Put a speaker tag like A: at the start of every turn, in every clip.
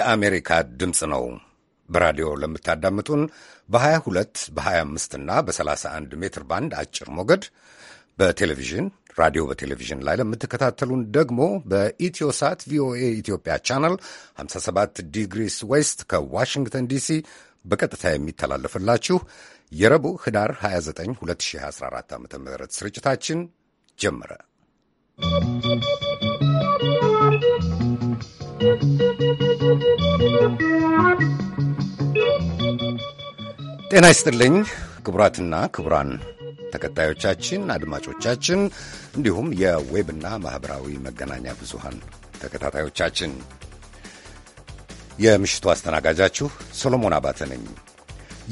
A: የአሜሪካ ድምፅ ነው። በራዲዮ ለምታዳምጡን በ22 በ25 እና በ31 ሜትር ባንድ አጭር ሞገድ በቴሌቪዥን ራዲዮ በቴሌቪዥን ላይ ለምትከታተሉን ደግሞ በኢትዮሳት ቪኦኤ ኢትዮጵያ ቻናል 57 ዲግሪስ ዌስት ከዋሽንግተን ዲሲ በቀጥታ የሚተላለፍላችሁ የረቡዕ ህዳር 29 2014 ዓ ም ስርጭታችን ጀመረ። ጤና ይስጥልኝ ክቡራትና ክቡራን ተከታዮቻችን፣ አድማጮቻችን እንዲሁም የዌብና ማኅበራዊ መገናኛ ብዙሃን ተከታታዮቻችን የምሽቱ አስተናጋጃችሁ ሰሎሞን አባተ ነኝ።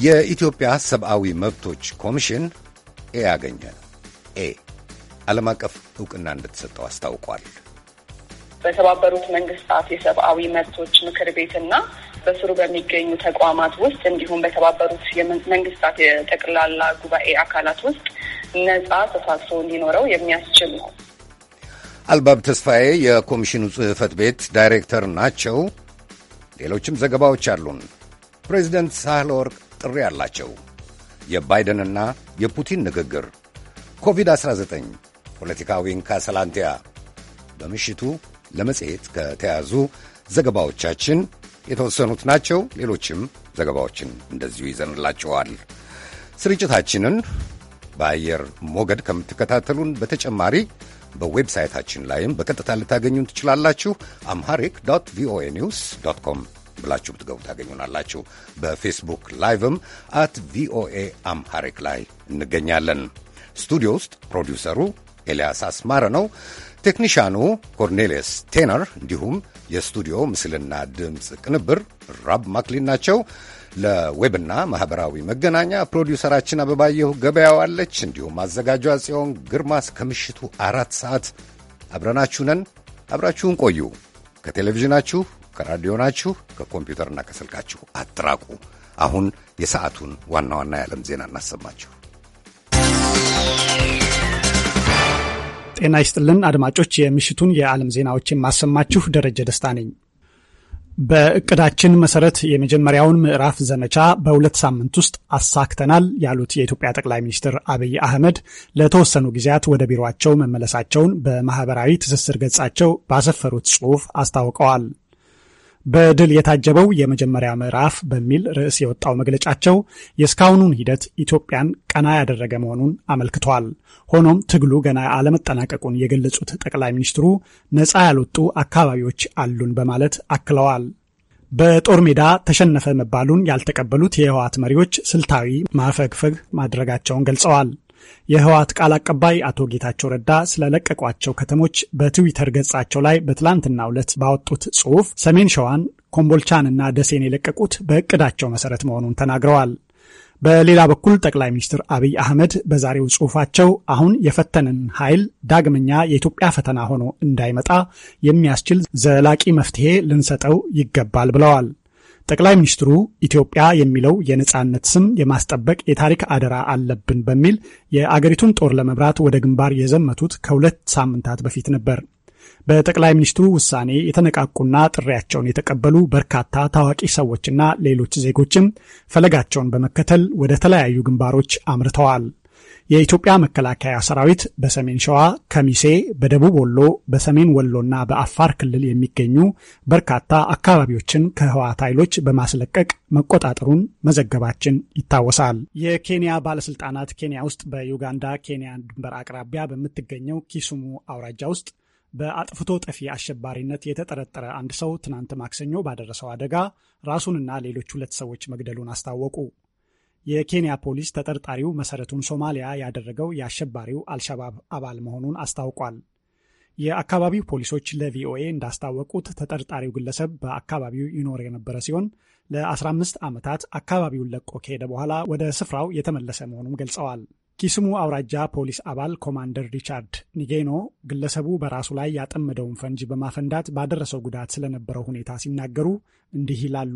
A: የኢትዮጵያ ሰብአዊ መብቶች ኮሚሽን ኤ ያገኘ ኤ ዓለም አቀፍ ዕውቅና እንደተሰጠው አስታውቋል።
B: በተባበሩት መንግስታት የሰብአዊ መብቶች ምክር ቤትና በስሩ በሚገኙ ተቋማት ውስጥ እንዲሁም በተባበሩት መንግስታት የጠቅላላ ጉባኤ አካላት ውስጥ ነጻ ተሳትፎ እንዲኖረው የሚያስችል ነው።
A: አልባብ ተስፋዬ የኮሚሽኑ ጽህፈት ቤት ዳይሬክተር ናቸው። ሌሎችም ዘገባዎች አሉን። ፕሬዚደንት ሳህለ ወርቅ ጥሪ አላቸው። የባይደንና የፑቲን ንግግር፣ ኮቪድ-19፣ ፖለቲካዊ እንካሰላንቲያ በምሽቱ ለመጽሔት ከተያዙ ዘገባዎቻችን የተወሰኑት ናቸው። ሌሎችም ዘገባዎችን እንደዚሁ ይዘንላችኋል። ስርጭታችንን በአየር ሞገድ ከምትከታተሉን በተጨማሪ በዌብሳይታችን ላይም በቀጥታ ልታገኙን ትችላላችሁ። አምሃሪክ ዶት ቪኦኤ ኒውስ ዶት ኮም ብላችሁ ብትገቡ ታገኙናላችሁ። በፌስቡክ ላይቭም አት ቪኦኤ አምሃሪክ ላይ እንገኛለን። ስቱዲዮ ውስጥ ፕሮዲውሰሩ ኤልያስ አስማረ ነው። ቴክኒሽያኑ ኮርኔሌስ ቴነር እንዲሁም የስቱዲዮ ምስልና ድምፅ ቅንብር ራብ ማክሊን ናቸው። ለዌብና ማኅበራዊ መገናኛ ፕሮዲውሰራችን አበባየሁ ገበያዋለች። እንዲሁም አዘጋጇ ጽዮን ግርማስ ከምሽቱ አራት ሰዓት አብረናችሁ ነን። አብራችሁን ቆዩ። ከቴሌቪዥናችሁ፣ ከራዲዮናችሁ፣ ከኮምፒውተርና ከስልካችሁ አትራቁ። አሁን የሰዓቱን ዋና ዋና የዓለም ዜና እናሰማችሁ።
C: ጤና ይስጥልን አድማጮች፣ የምሽቱን የዓለም ዜናዎች የማሰማችሁ ደረጀ ደስታ ነኝ። በእቅዳችን መሰረት የመጀመሪያውን ምዕራፍ ዘመቻ በሁለት ሳምንት ውስጥ አሳክተናል ያሉት የኢትዮጵያ ጠቅላይ ሚኒስትር አብይ አህመድ ለተወሰኑ ጊዜያት ወደ ቢሮቸው መመለሳቸውን በማህበራዊ ትስስር ገጻቸው ባሰፈሩት ጽሑፍ አስታውቀዋል። በድል የታጀበው የመጀመሪያ ምዕራፍ በሚል ርዕስ የወጣው መግለጫቸው የእስካሁኑን ሂደት ኢትዮጵያን ቀና ያደረገ መሆኑን አመልክተዋል። ሆኖም ትግሉ ገና አለመጠናቀቁን የገለጹት ጠቅላይ ሚኒስትሩ ነፃ ያልወጡ አካባቢዎች አሉን በማለት አክለዋል። በጦር ሜዳ ተሸነፈ መባሉን ያልተቀበሉት የህወሓት መሪዎች ስልታዊ ማፈግፈግ ማድረጋቸውን ገልጸዋል። የህወሓት ቃል አቀባይ አቶ ጌታቸው ረዳ ስለለቀቋቸው ከተሞች በትዊተር ገጻቸው ላይ በትላንትናው ዕለት ባወጡት ጽሑፍ ሰሜን ሸዋን፣ ኮምቦልቻንና ደሴን የለቀቁት በእቅዳቸው መሰረት መሆኑን ተናግረዋል። በሌላ በኩል ጠቅላይ ሚኒስትር አብይ አህመድ በዛሬው ጽሑፋቸው አሁን የፈተንን ኃይል ዳግመኛ የኢትዮጵያ ፈተና ሆኖ እንዳይመጣ የሚያስችል ዘላቂ መፍትሄ ልንሰጠው ይገባል ብለዋል። ጠቅላይ ሚኒስትሩ ኢትዮጵያ የሚለው የነጻነት ስም የማስጠበቅ የታሪክ አደራ አለብን በሚል የአገሪቱን ጦር ለመብራት ወደ ግንባር የዘመቱት ከሁለት ሳምንታት በፊት ነበር። በጠቅላይ ሚኒስትሩ ውሳኔ የተነቃቁና ጥሪያቸውን የተቀበሉ በርካታ ታዋቂ ሰዎችና ሌሎች ዜጎችም ፈለጋቸውን በመከተል ወደ ተለያዩ ግንባሮች አምርተዋል። የኢትዮጵያ መከላከያ ሰራዊት በሰሜን ሸዋ ከሚሴ፣ በደቡብ ወሎ፣ በሰሜን ወሎና በአፋር ክልል የሚገኙ በርካታ አካባቢዎችን ከህወሓት ኃይሎች በማስለቀቅ መቆጣጠሩን መዘገባችን ይታወሳል። የኬንያ ባለስልጣናት ኬንያ ውስጥ በዩጋንዳ ኬንያ ድንበር አቅራቢያ በምትገኘው ኪሱሙ አውራጃ ውስጥ በአጥፍቶ ጠፊ አሸባሪነት የተጠረጠረ አንድ ሰው ትናንት ማክሰኞ ባደረሰው አደጋ ራሱንና ሌሎች ሁለት ሰዎች መግደሉን አስታወቁ። የኬንያ ፖሊስ ተጠርጣሪው መሰረቱን ሶማሊያ ያደረገው የአሸባሪው አልሸባብ አባል መሆኑን አስታውቋል። የአካባቢው ፖሊሶች ለቪኦኤ እንዳስታወቁት ተጠርጣሪው ግለሰብ በአካባቢው ይኖር የነበረ ሲሆን ለ15 ዓመታት አካባቢውን ለቆ ከሄደ በኋላ ወደ ስፍራው የተመለሰ መሆኑን ገልጸዋል። ኪስሙ አውራጃ ፖሊስ አባል ኮማንደር ሪቻርድ ኒጌኖ ግለሰቡ በራሱ ላይ ያጠመደውን ፈንጅ በማፈንዳት ባደረሰው ጉዳት ስለነበረው ሁኔታ ሲናገሩ እንዲህ ይላሉ።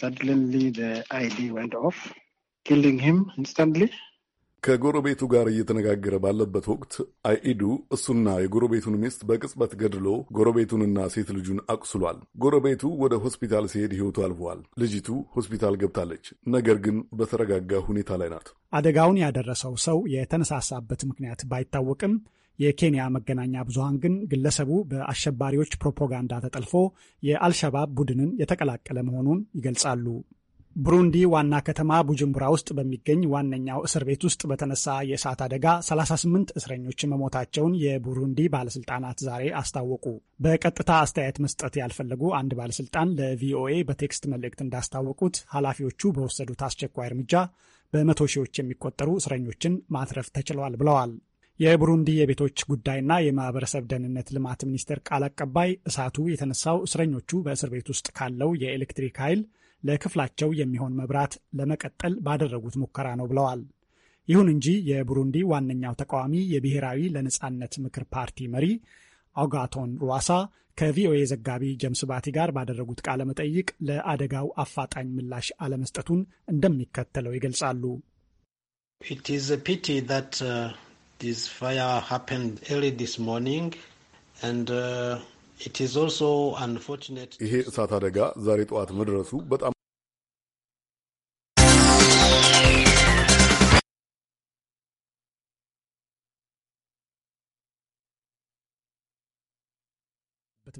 D: Suddenly the ID went off,
E: killing him instantly. ከጎረቤቱ ጋር እየተነጋገረ ባለበት ወቅት አይኢዱ እሱና የጎረቤቱን ሚስት በቅጽበት ገድሎ ጎረቤቱንና ሴት ልጁን አቁስሏል። ጎረቤቱ ወደ ሆስፒታል ሲሄድ ሕይወቱ አልፈዋል። ልጅቱ ሆስፒታል ገብታለች፣ ነገር ግን በተረጋጋ ሁኔታ ላይ ናት።
C: አደጋውን ያደረሰው ሰው የተነሳሳበት ምክንያት ባይታወቅም የኬንያ መገናኛ ብዙሃን ግን ግለሰቡ በአሸባሪዎች ፕሮፓጋንዳ ተጠልፎ የአልሸባብ ቡድንን የተቀላቀለ መሆኑን ይገልጻሉ። ብሩንዲ ዋና ከተማ ቡጅምቡራ ውስጥ በሚገኝ ዋነኛው እስር ቤት ውስጥ በተነሳ የእሳት አደጋ 38 እስረኞች መሞታቸውን የቡሩንዲ ባለስልጣናት ዛሬ አስታወቁ። በቀጥታ አስተያየት መስጠት ያልፈለጉ አንድ ባለስልጣን ለቪኦኤ በቴክስት መልእክት እንዳስታወቁት ኃላፊዎቹ በወሰዱት አስቸኳይ እርምጃ በመቶ ሺዎች የሚቆጠሩ እስረኞችን ማትረፍ ተችሏል ብለዋል። የቡሩንዲ የቤቶች ጉዳይና የማህበረሰብ ደህንነት ልማት ሚኒስቴር ቃል አቀባይ እሳቱ የተነሳው እስረኞቹ በእስር ቤት ውስጥ ካለው የኤሌክትሪክ ኃይል ለክፍላቸው የሚሆን መብራት ለመቀጠል ባደረጉት ሙከራ ነው ብለዋል። ይሁን እንጂ የቡሩንዲ ዋነኛው ተቃዋሚ የብሔራዊ ለነጻነት ምክር ፓርቲ መሪ አውጋቶን ሩዋሳ ከቪኦኤ ዘጋቢ ጀምስ ባቲ ጋር ባደረጉት ቃለ መጠይቅ ለአደጋው አፋጣኝ ምላሽ አለመስጠቱን እንደሚከተለው ይገልጻሉ።
F: This fire happened early this morning and uh, it is also unfortunate.
E: ይሄ እሳት አደጋ ዛሬ ጠዋት መድረሱ በጣም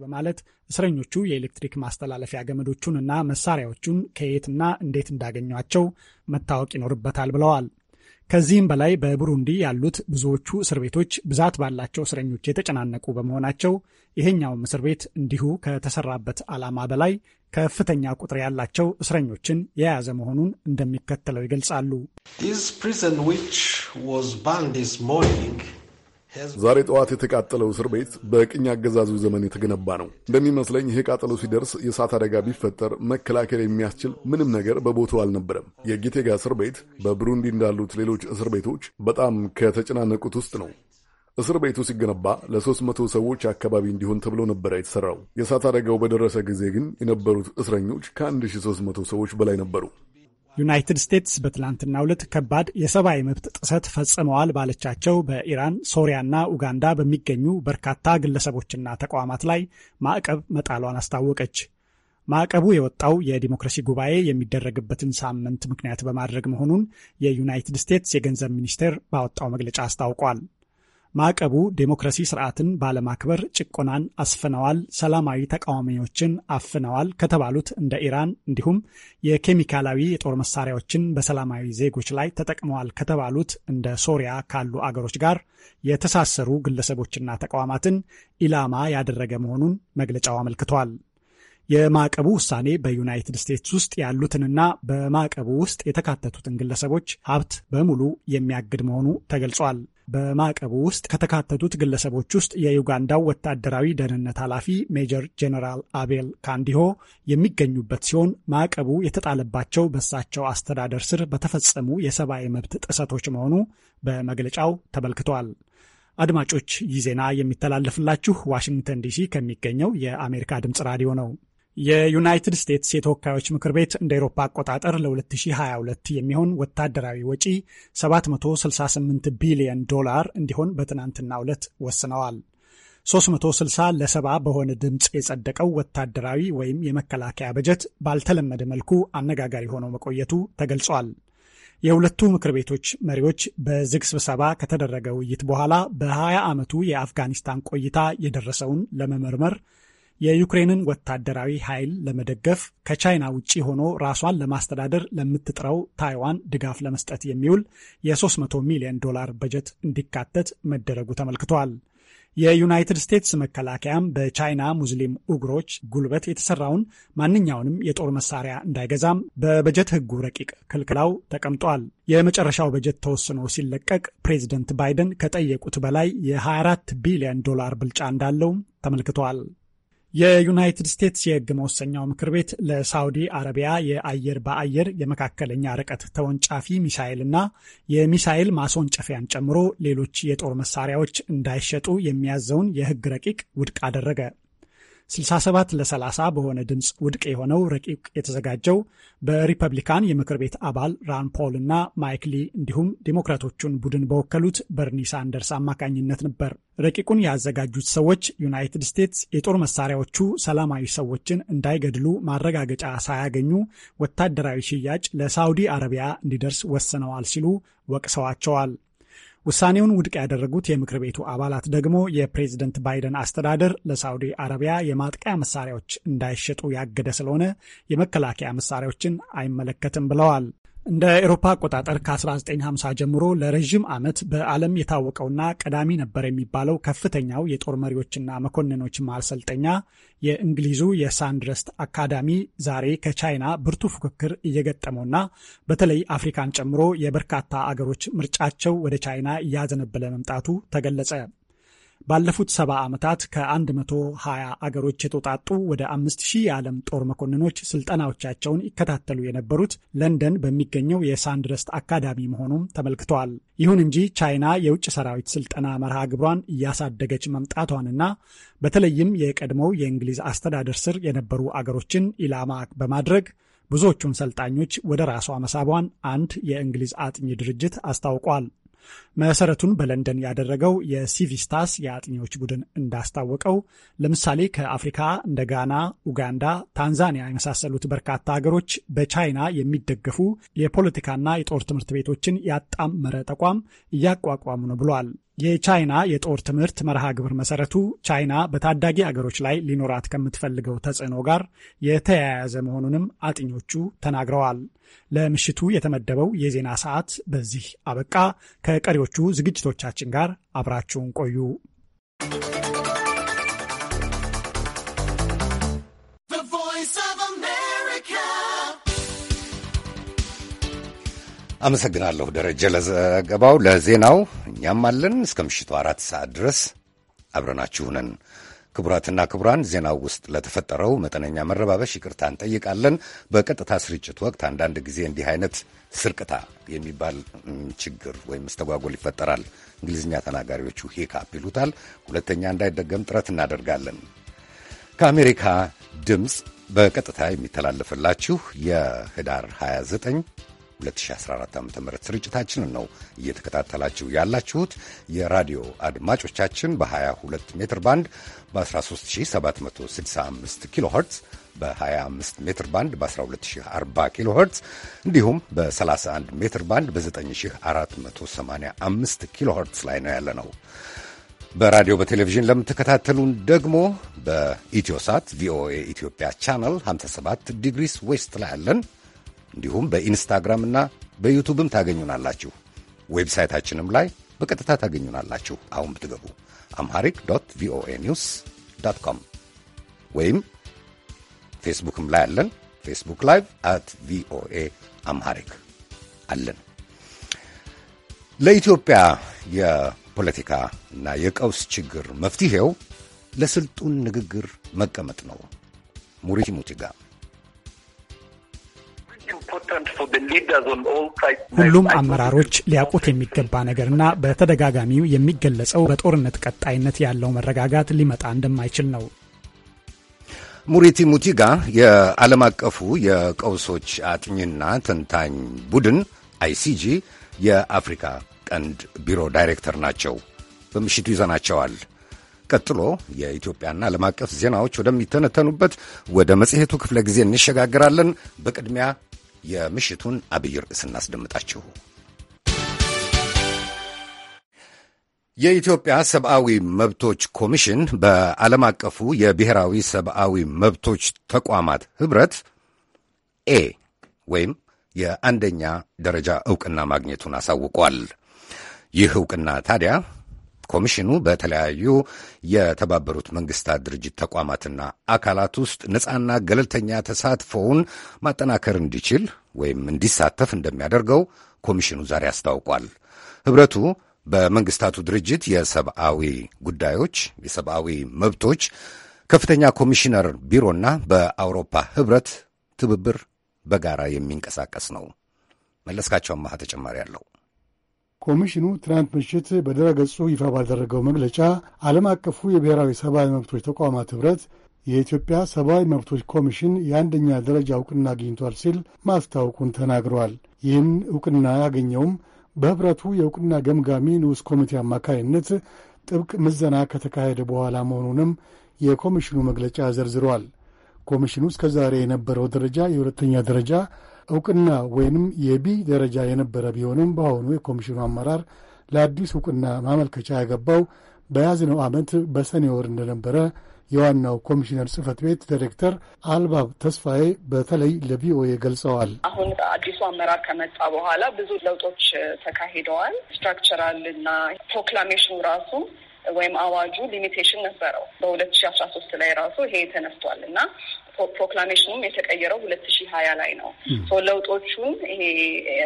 C: በማለት እስረኞቹ የኤሌክትሪክ ማስተላለፊያ ገመዶቹን እና መሳሪያዎቹን ከየትና እንዴት እንዳገኟቸው መታወቅ ይኖርበታል ብለዋል። ከዚህም በላይ በቡሩንዲ ያሉት ብዙዎቹ እስር ቤቶች ብዛት ባላቸው እስረኞች የተጨናነቁ በመሆናቸው ይሄኛውም እስር ቤት እንዲሁ ከተሰራበት ዓላማ በላይ ከፍተኛ ቁጥር ያላቸው እስረኞችን የያዘ መሆኑን እንደሚከተለው ይገልጻሉ።
E: ዛሬ ጠዋት የተቃጠለው እስር ቤት በቅኝ አገዛዙ ዘመን የተገነባ ነው። እንደሚመስለኝ ይህ ቃጠሎ ሲደርስ የእሳት አደጋ ቢፈጠር መከላከል የሚያስችል ምንም ነገር በቦታው አልነበረም። የጊቴጋ እስር ቤት በብሩንዲ እንዳሉት ሌሎች እስር ቤቶች በጣም ከተጨናነቁት ውስጥ ነው። እስር ቤቱ ሲገነባ ለ መቶ ሰዎች አካባቢ እንዲሆን ተብሎ ነበረ የተሰራው የእሳት አደጋው በደረሰ ጊዜ ግን የነበሩት እስረኞች ከ1300 መቶ ሰዎች በላይ ነበሩ።
C: ዩናይትድ ስቴትስ በትላንትና ሁለት ከባድ የሰብአዊ መብት ጥሰት ፈጽመዋል ባለቻቸው በኢራን ሶሪያና ኡጋንዳ በሚገኙ በርካታ ግለሰቦችና ተቋማት ላይ ማዕቀብ መጣሏን አስታወቀች። ማዕቀቡ የወጣው የዲሞክራሲ ጉባኤ የሚደረግበትን ሳምንት ምክንያት በማድረግ መሆኑን የዩናይትድ ስቴትስ የገንዘብ ሚኒስቴር ባወጣው መግለጫ አስታውቋል። ማዕቀቡ ዴሞክራሲ ስርዓትን ባለማክበር ጭቆናን አስፍነዋል፣ ሰላማዊ ተቃዋሚዎችን አፍነዋል ከተባሉት እንደ ኢራን እንዲሁም የኬሚካላዊ የጦር መሳሪያዎችን በሰላማዊ ዜጎች ላይ ተጠቅመዋል ከተባሉት እንደ ሶሪያ ካሉ አገሮች ጋር የተሳሰሩ ግለሰቦችና ተቋማትን ኢላማ ያደረገ መሆኑን መግለጫው አመልክቷል። የማዕቀቡ ውሳኔ በዩናይትድ ስቴትስ ውስጥ ያሉትንና በማዕቀቡ ውስጥ የተካተቱትን ግለሰቦች ሀብት በሙሉ የሚያግድ መሆኑ ተገልጿል። በማዕቀቡ ውስጥ ከተካተቱት ግለሰቦች ውስጥ የዩጋንዳው ወታደራዊ ደህንነት ኃላፊ ሜጀር ጄኔራል አቤል ካንዲሆ የሚገኙበት ሲሆን ማዕቀቡ የተጣለባቸው በሳቸው አስተዳደር ስር በተፈጸሙ የሰብአዊ መብት ጥሰቶች መሆኑ በመግለጫው ተመልክቷል። አድማጮች ይህ ዜና የሚተላለፍላችሁ ዋሽንግተን ዲሲ ከሚገኘው የአሜሪካ ድምፅ ራዲዮ ነው። የዩናይትድ ስቴትስ የተወካዮች ምክር ቤት እንደ ኤሮፓ አቆጣጠር ለ2022 የሚሆን ወታደራዊ ወጪ 768 ቢሊዮን ዶላር እንዲሆን በትናንትናው ዕለት ወስነዋል። 360 ለሰባ በሆነ ድምፅ የጸደቀው ወታደራዊ ወይም የመከላከያ በጀት ባልተለመደ መልኩ አነጋጋሪ ሆኖ መቆየቱ ተገልጿል። የሁለቱ ምክር ቤቶች መሪዎች በዝግ ስብሰባ ከተደረገ ውይይት በኋላ በ20 ዓመቱ የአፍጋኒስታን ቆይታ የደረሰውን ለመመርመር የዩክሬንን ወታደራዊ ኃይል ለመደገፍ ከቻይና ውጭ ሆኖ ራሷን ለማስተዳደር ለምትጥረው ታይዋን ድጋፍ ለመስጠት የሚውል የ300 ሚሊዮን ዶላር በጀት እንዲካተት መደረጉ ተመልክቷል። የዩናይትድ ስቴትስ መከላከያም በቻይና ሙስሊም ኡግሮች ጉልበት የተሰራውን ማንኛውንም የጦር መሳሪያ እንዳይገዛም በበጀት ሕጉ ረቂቅ ክልክላው ተቀምጧል። የመጨረሻው በጀት ተወስኖ ሲለቀቅ ፕሬዚደንት ባይደን ከጠየቁት በላይ የ24 ቢሊዮን ዶላር ብልጫ እንዳለውም ተመልክቷል። የዩናይትድ ስቴትስ የህግ መወሰኛው ምክር ቤት ለሳውዲ አረቢያ የአየር በአየር የመካከለኛ ርቀት ተወንጫፊ ሚሳይልና የሚሳይል ማስወንጨፊያን ጨምሮ ሌሎች የጦር መሳሪያዎች እንዳይሸጡ የሚያዘውን የህግ ረቂቅ ውድቅ አደረገ። 67 ለ30 በሆነ ድምፅ ውድቅ የሆነው ረቂቅ የተዘጋጀው በሪፐብሊካን የምክር ቤት አባል ራን ፖል እና ማይክ ሊ እንዲሁም ዴሞክራቶቹን ቡድን በወከሉት በርኒ ሳንደርስ አማካኝነት ነበር። ረቂቁን ያዘጋጁት ሰዎች ዩናይትድ ስቴትስ የጦር መሳሪያዎቹ ሰላማዊ ሰዎችን እንዳይገድሉ ማረጋገጫ ሳያገኙ ወታደራዊ ሽያጭ ለሳውዲ አረቢያ እንዲደርስ ወስነዋል ሲሉ ወቅሰዋቸዋል። ውሳኔውን ውድቅ ያደረጉት የምክር ቤቱ አባላት ደግሞ የፕሬዝደንት ባይደን አስተዳደር ለሳዑዲ አረቢያ የማጥቂያ መሳሪያዎች እንዳይሸጡ ያገደ ስለሆነ የመከላከያ መሳሪያዎችን አይመለከትም ብለዋል። እንደ ኤሮፓ አቆጣጠር ከ1950 ጀምሮ ለረዥም ዓመት በዓለም የታወቀውና ቀዳሚ ነበር የሚባለው ከፍተኛው የጦር መሪዎችና መኮንኖች ማሰልጠኛ የእንግሊዙ የሳንድረስት አካዳሚ ዛሬ ከቻይና ብርቱ ፉክክር እየገጠመውና በተለይ አፍሪካን ጨምሮ የበርካታ አገሮች ምርጫቸው ወደ ቻይና እያዘነበለ መምጣቱ ተገለጸ። ባለፉት ሰባ ዓመታት ከ120 አገሮች የተውጣጡ ወደ 5000 የዓለም ጦር መኮንኖች ስልጠናዎቻቸውን ይከታተሉ የነበሩት ለንደን በሚገኘው የሳንድረስት አካዳሚ መሆኑም ተመልክተዋል። ይሁን እንጂ ቻይና የውጭ ሰራዊት ስልጠና መርሃ ግብሯን እያሳደገች መምጣቷንና በተለይም የቀድሞው የእንግሊዝ አስተዳደር ስር የነበሩ አገሮችን ኢላማ በማድረግ ብዙዎቹን ሰልጣኞች ወደ ራሷ መሳቧን አንድ የእንግሊዝ አጥኚ ድርጅት አስታውቋል። መሰረቱን በለንደን ያደረገው የሲቪስታስ የአጥኚዎች ቡድን እንዳስታወቀው ለምሳሌ ከአፍሪካ እንደ ጋና፣ ኡጋንዳ፣ ታንዛኒያ የመሳሰሉት በርካታ ሀገሮች በቻይና የሚደገፉ የፖለቲካና የጦር ትምህርት ቤቶችን ያጣመረ ተቋም እያቋቋሙ ነው ብሏል። የቻይና የጦር ትምህርት መርሃ ግብር መሰረቱ ቻይና በታዳጊ አገሮች ላይ ሊኖራት ከምትፈልገው ተጽዕኖ ጋር የተያያዘ መሆኑንም አጥኞቹ ተናግረዋል። ለምሽቱ የተመደበው የዜና ሰዓት በዚህ አበቃ። ከቀሪዎቹ ዝግጅቶቻችን ጋር አብራችሁን ቆዩ።
A: አመሰግናለሁ ደረጀ ለዘገባው፣ ለዜናው። እኛም አለን እስከ ምሽቱ አራት ሰዓት ድረስ አብረናችሁ ነን። ክቡራትና ክቡራን፣ ዜናው ውስጥ ለተፈጠረው መጠነኛ መረባበሽ ይቅርታ እንጠይቃለን። በቀጥታ ስርጭት ወቅት አንዳንድ ጊዜ እንዲህ አይነት ስርቅታ የሚባል ችግር ወይም መስተጓጎል ይፈጠራል። እንግሊዝኛ ተናጋሪዎቹ ሂካፕ ይሉታል። ሁለተኛ እንዳይደገም ጥረት እናደርጋለን። ከአሜሪካ ድምፅ በቀጥታ የሚተላለፍላችሁ የህዳር 29 2014 ዓ ም ስርጭታችንን ነው እየተከታተላችሁ ያላችሁት። የራዲዮ አድማጮቻችን በ22 ሜትር ባንድ በ13765 ኪሎ ኸርትዝ በ25 ሜትር ባንድ በ1240 ኪሎ ኸርትዝ እንዲሁም በ31 ሜትር ባንድ በ9485 ኪሎ ኸርትዝ ላይ ነው ያለ ነው። በራዲዮ በቴሌቪዥን ለምትከታተሉን ደግሞ በኢትዮሳት ቪኦኤ ኢትዮጵያ ቻናል 57 ዲግሪስ ዌስት ላይ አለን። እንዲሁም በኢንስታግራም እና በዩቱብም ታገኙናላችሁ። ዌብሳይታችንም ላይ በቀጥታ ታገኙናላችሁ። አሁን ብትገቡ አምሃሪክ ዶት ቪኦኤ ኒውስ ዶት ኮም ወይም ፌስቡክም ላይ አለን። ፌስቡክ ላይቭ አት ቪኦኤ አምሃሪክ አለን። ለኢትዮጵያ የፖለቲካ እና የቀውስ ችግር መፍትሄው ለስልጡን ንግግር መቀመጥ ነው። ሙሪቲ ሙቲጋ
G: ሁሉም
C: አመራሮች ሊያውቁት የሚገባ ነገርና በተደጋጋሚው የሚገለጸው በጦርነት ቀጣይነት ያለው መረጋጋት ሊመጣ እንደማይችል ነው።
A: ሙሪቲ ሙቲጋ የዓለም አቀፉ የቀውሶች አጥኚና ተንታኝ ቡድን አይሲጂ የአፍሪካ ቀንድ ቢሮ ዳይሬክተር ናቸው። በምሽቱ ይዘናቸዋል። ቀጥሎ የኢትዮጵያና ዓለም አቀፍ ዜናዎች ወደሚተነተኑበት ወደ መጽሔቱ ክፍለ ጊዜ እንሸጋግራለን። በቅድሚያ የምሽቱን አብይ ርዕስ እናስደምጣችሁ። የኢትዮጵያ ሰብአዊ መብቶች ኮሚሽን በዓለም አቀፉ የብሔራዊ ሰብአዊ መብቶች ተቋማት ኅብረት ኤ ወይም የአንደኛ ደረጃ ዕውቅና ማግኘቱን አሳውቋል። ይህ ዕውቅና ታዲያ ኮሚሽኑ በተለያዩ የተባበሩት መንግስታት ድርጅት ተቋማትና አካላት ውስጥ ነፃና ገለልተኛ ተሳትፎውን ማጠናከር እንዲችል ወይም እንዲሳተፍ እንደሚያደርገው ኮሚሽኑ ዛሬ አስታውቋል። ኅብረቱ በመንግስታቱ ድርጅት የሰብአዊ ጉዳዮች የሰብአዊ መብቶች ከፍተኛ ኮሚሽነር ቢሮና በአውሮፓ ኅብረት ትብብር በጋራ የሚንቀሳቀስ ነው። መለስካቸው አማሃ ተጨማሪ አለው።
D: ኮሚሽኑ ትናንት ምሽት ገጹ ይፋ ባደረገው መግለጫ ዓለም አቀፉ የብሔራዊ ሰብአዊ መብቶች ተቋማት ኅብረት የኢትዮጵያ ሰብአዊ መብቶች ኮሚሽን የአንደኛ ደረጃ ዕውቅና አግኝቷል ሲል ማስታወቁን ተናግረዋል። ይህን ዕውቅና ያገኘውም በኅብረቱ የእውቅና ገምጋሚ ንዑስ ኮሚቴ አማካይነት ጥብቅ ምዘና ከተካሄደ በኋላ መሆኑንም የኮሚሽኑ መግለጫ ዘርዝሯል። ኮሚሽኑ እስከ ዛሬ የነበረው ደረጃ የሁለተኛ ደረጃ እውቅና ወይንም የቢ ደረጃ የነበረ ቢሆንም በአሁኑ የኮሚሽኑ አመራር ለአዲስ እውቅና ማመልከቻ ያገባው በያዝነው ዓመት በሰኔ ወር እንደነበረ የዋናው ኮሚሽነር ጽህፈት ቤት ዲሬክተር አልባብ ተስፋዬ በተለይ ለቪኦኤ ገልጸዋል።
B: አሁን አዲሱ አመራር ከመጣ በኋላ ብዙ ለውጦች ተካሂደዋል። ስትራክቸራል እና ፕሮክላሜሽኑ ራሱ ወይም አዋጁ ሊሚቴሽን ነበረው። በሁለት ሺ አስራ ሶስት ላይ ራሱ ይሄ ተነስቷል እና ፕሮክላሜሽኑም የተቀየረው ሁለት ሺህ ሀያ ላይ ነው። ለውጦቹን ይሄ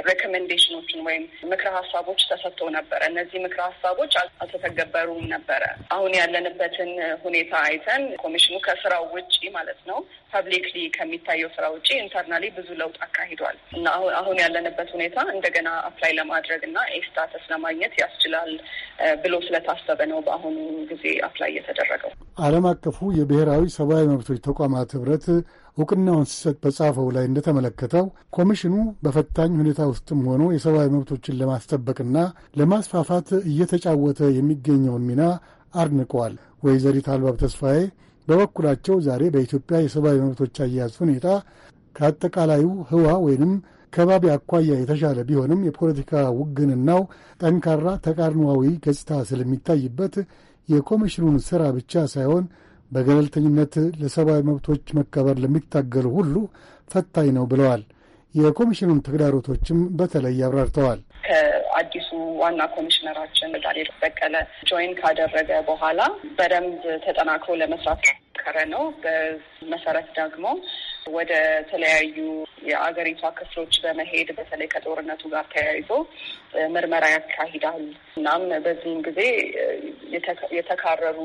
B: ሬኮሜንዴሽኖችን ወይም ምክረ ሀሳቦች ተሰጥቶ ነበረ። እነዚህ ምክረ ሀሳቦች አልተተገበሩም ነበረ። አሁን ያለንበትን ሁኔታ አይተን ኮሚሽኑ ከስራው ውጪ ማለት ነው ፐብሊክሊ ከሚታየው ስራ ውጪ ኢንተርናሊ ብዙ ለውጥ አካሂዷል እና አሁን ያለንበት ሁኔታ እንደገና አፕላይ ለማድረግ እና ኤስታተስ ለማግኘት ያስችላል ብሎ ስለታሰበ ነው በአሁኑ ጊዜ አፕላይ የተደረገው።
D: ዓለም አቀፉ የብሔራዊ ሰብአዊ መብቶች ተቋማት ህብረት በመስጠት እውቅናውን ሲሰጥ በጻፈው ላይ እንደተመለከተው ኮሚሽኑ በፈታኝ ሁኔታ ውስጥም ሆኖ የሰብአዊ መብቶችን ለማስጠበቅና ለማስፋፋት እየተጫወተ የሚገኘውን ሚና አድንቀዋል። ወይዘሪት አልባብ ተስፋዬ በበኩላቸው ዛሬ በኢትዮጵያ የሰብአዊ መብቶች አያያዝ ሁኔታ ከአጠቃላዩ ህዋ ወይንም ከባቢ አኳያ የተሻለ ቢሆንም የፖለቲካ ውግንናው ጠንካራ ተቃርኗዊ ገጽታ ስለሚታይበት የኮሚሽኑን ሥራ ብቻ ሳይሆን በገለልተኝነት ለሰብአዊ መብቶች መከበር ለሚታገሉ ሁሉ ፈታኝ ነው ብለዋል። የኮሚሽኑን ተግዳሮቶችም በተለይ አብራርተዋል።
B: ከአዲሱ ዋና ኮሚሽነራችን ዳንኤል በቀለ ጆይን ካደረገ በኋላ በደንብ ተጠናክሮ ለመስራት ከረ ነው። በመሰረት ደግሞ ወደ ተለያዩ የአገሪቷ ክፍሎች በመሄድ በተለይ ከጦርነቱ ጋር ተያይዞ ምርመራ ያካሂዳል። እናም በዚህም ጊዜ የተካረሩ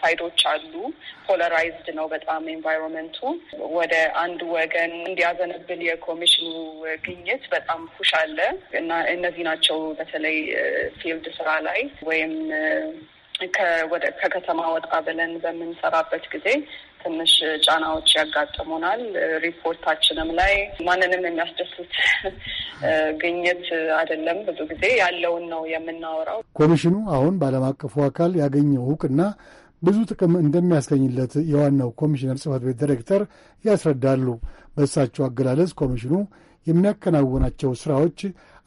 B: ሳይዶች አሉ። ፖለራይዝድ ነው በጣም ኤንቫይሮንመንቱ ወደ አንድ ወገን እንዲያዘነብል የኮሚሽኑ ግኝት በጣም ሁሽ አለ እና እነዚህ ናቸው በተለይ ፊልድ ስራ ላይ ወይም ከከተማ ወጣ ብለን በምንሰራበት ጊዜ ትንሽ ጫናዎች ያጋጥሙናል። ሪፖርታችንም ላይ ማንንም የሚያስደስት ግኝት አይደለም። ብዙ ጊዜ ያለውን ነው የምናወራው።
D: ኮሚሽኑ አሁን በዓለም አቀፉ አካል ያገኘው እውቅና ብዙ ጥቅም እንደሚያስገኝለት የዋናው ኮሚሽነር ጽህፈት ቤት ዲሬክተር ያስረዳሉ። በእሳቸው አገላለጽ ኮሚሽኑ የሚያከናውናቸው ስራዎች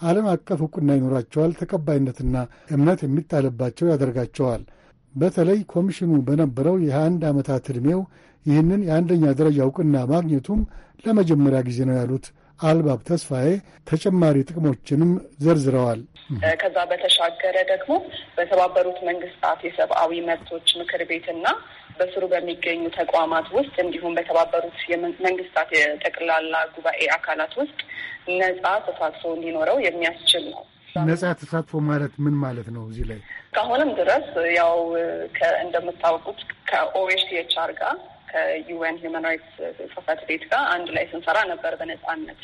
D: ዓለም አቀፍ እውቅና ይኖራቸዋል፣ ተቀባይነትና እምነት የሚጣልባቸው ያደርጋቸዋል። በተለይ ኮሚሽኑ በነበረው የአንድ አንድ ዓመታት ዕድሜው ይህንን የአንደኛ ደረጃ እውቅና ማግኘቱም ለመጀመሪያ ጊዜ ነው ያሉት አልባብ ተስፋዬ ተጨማሪ ጥቅሞችንም ዘርዝረዋል።
B: ከዛ በተሻገረ ደግሞ በተባበሩት መንግስታት የሰብአዊ መብቶች ምክር ቤትና በስሩ በሚገኙ ተቋማት ውስጥ እንዲሁም በተባበሩት መንግስታት የጠቅላላ ጉባኤ አካላት ውስጥ ነጻ ተሳትፎ እንዲኖረው የሚያስችል ነው።
D: ነጻ ተሳትፎ ማለት ምን ማለት ነው? እዚህ ላይ
B: እስካሁንም ድረስ ያው እንደምታወቁት ከኦኤችሲኤችአር ጋር ከዩኤን ሂውማን ራይትስ ጽህፈት ቤት ጋር አንድ ላይ ስንሰራ ነበር በነጻነት።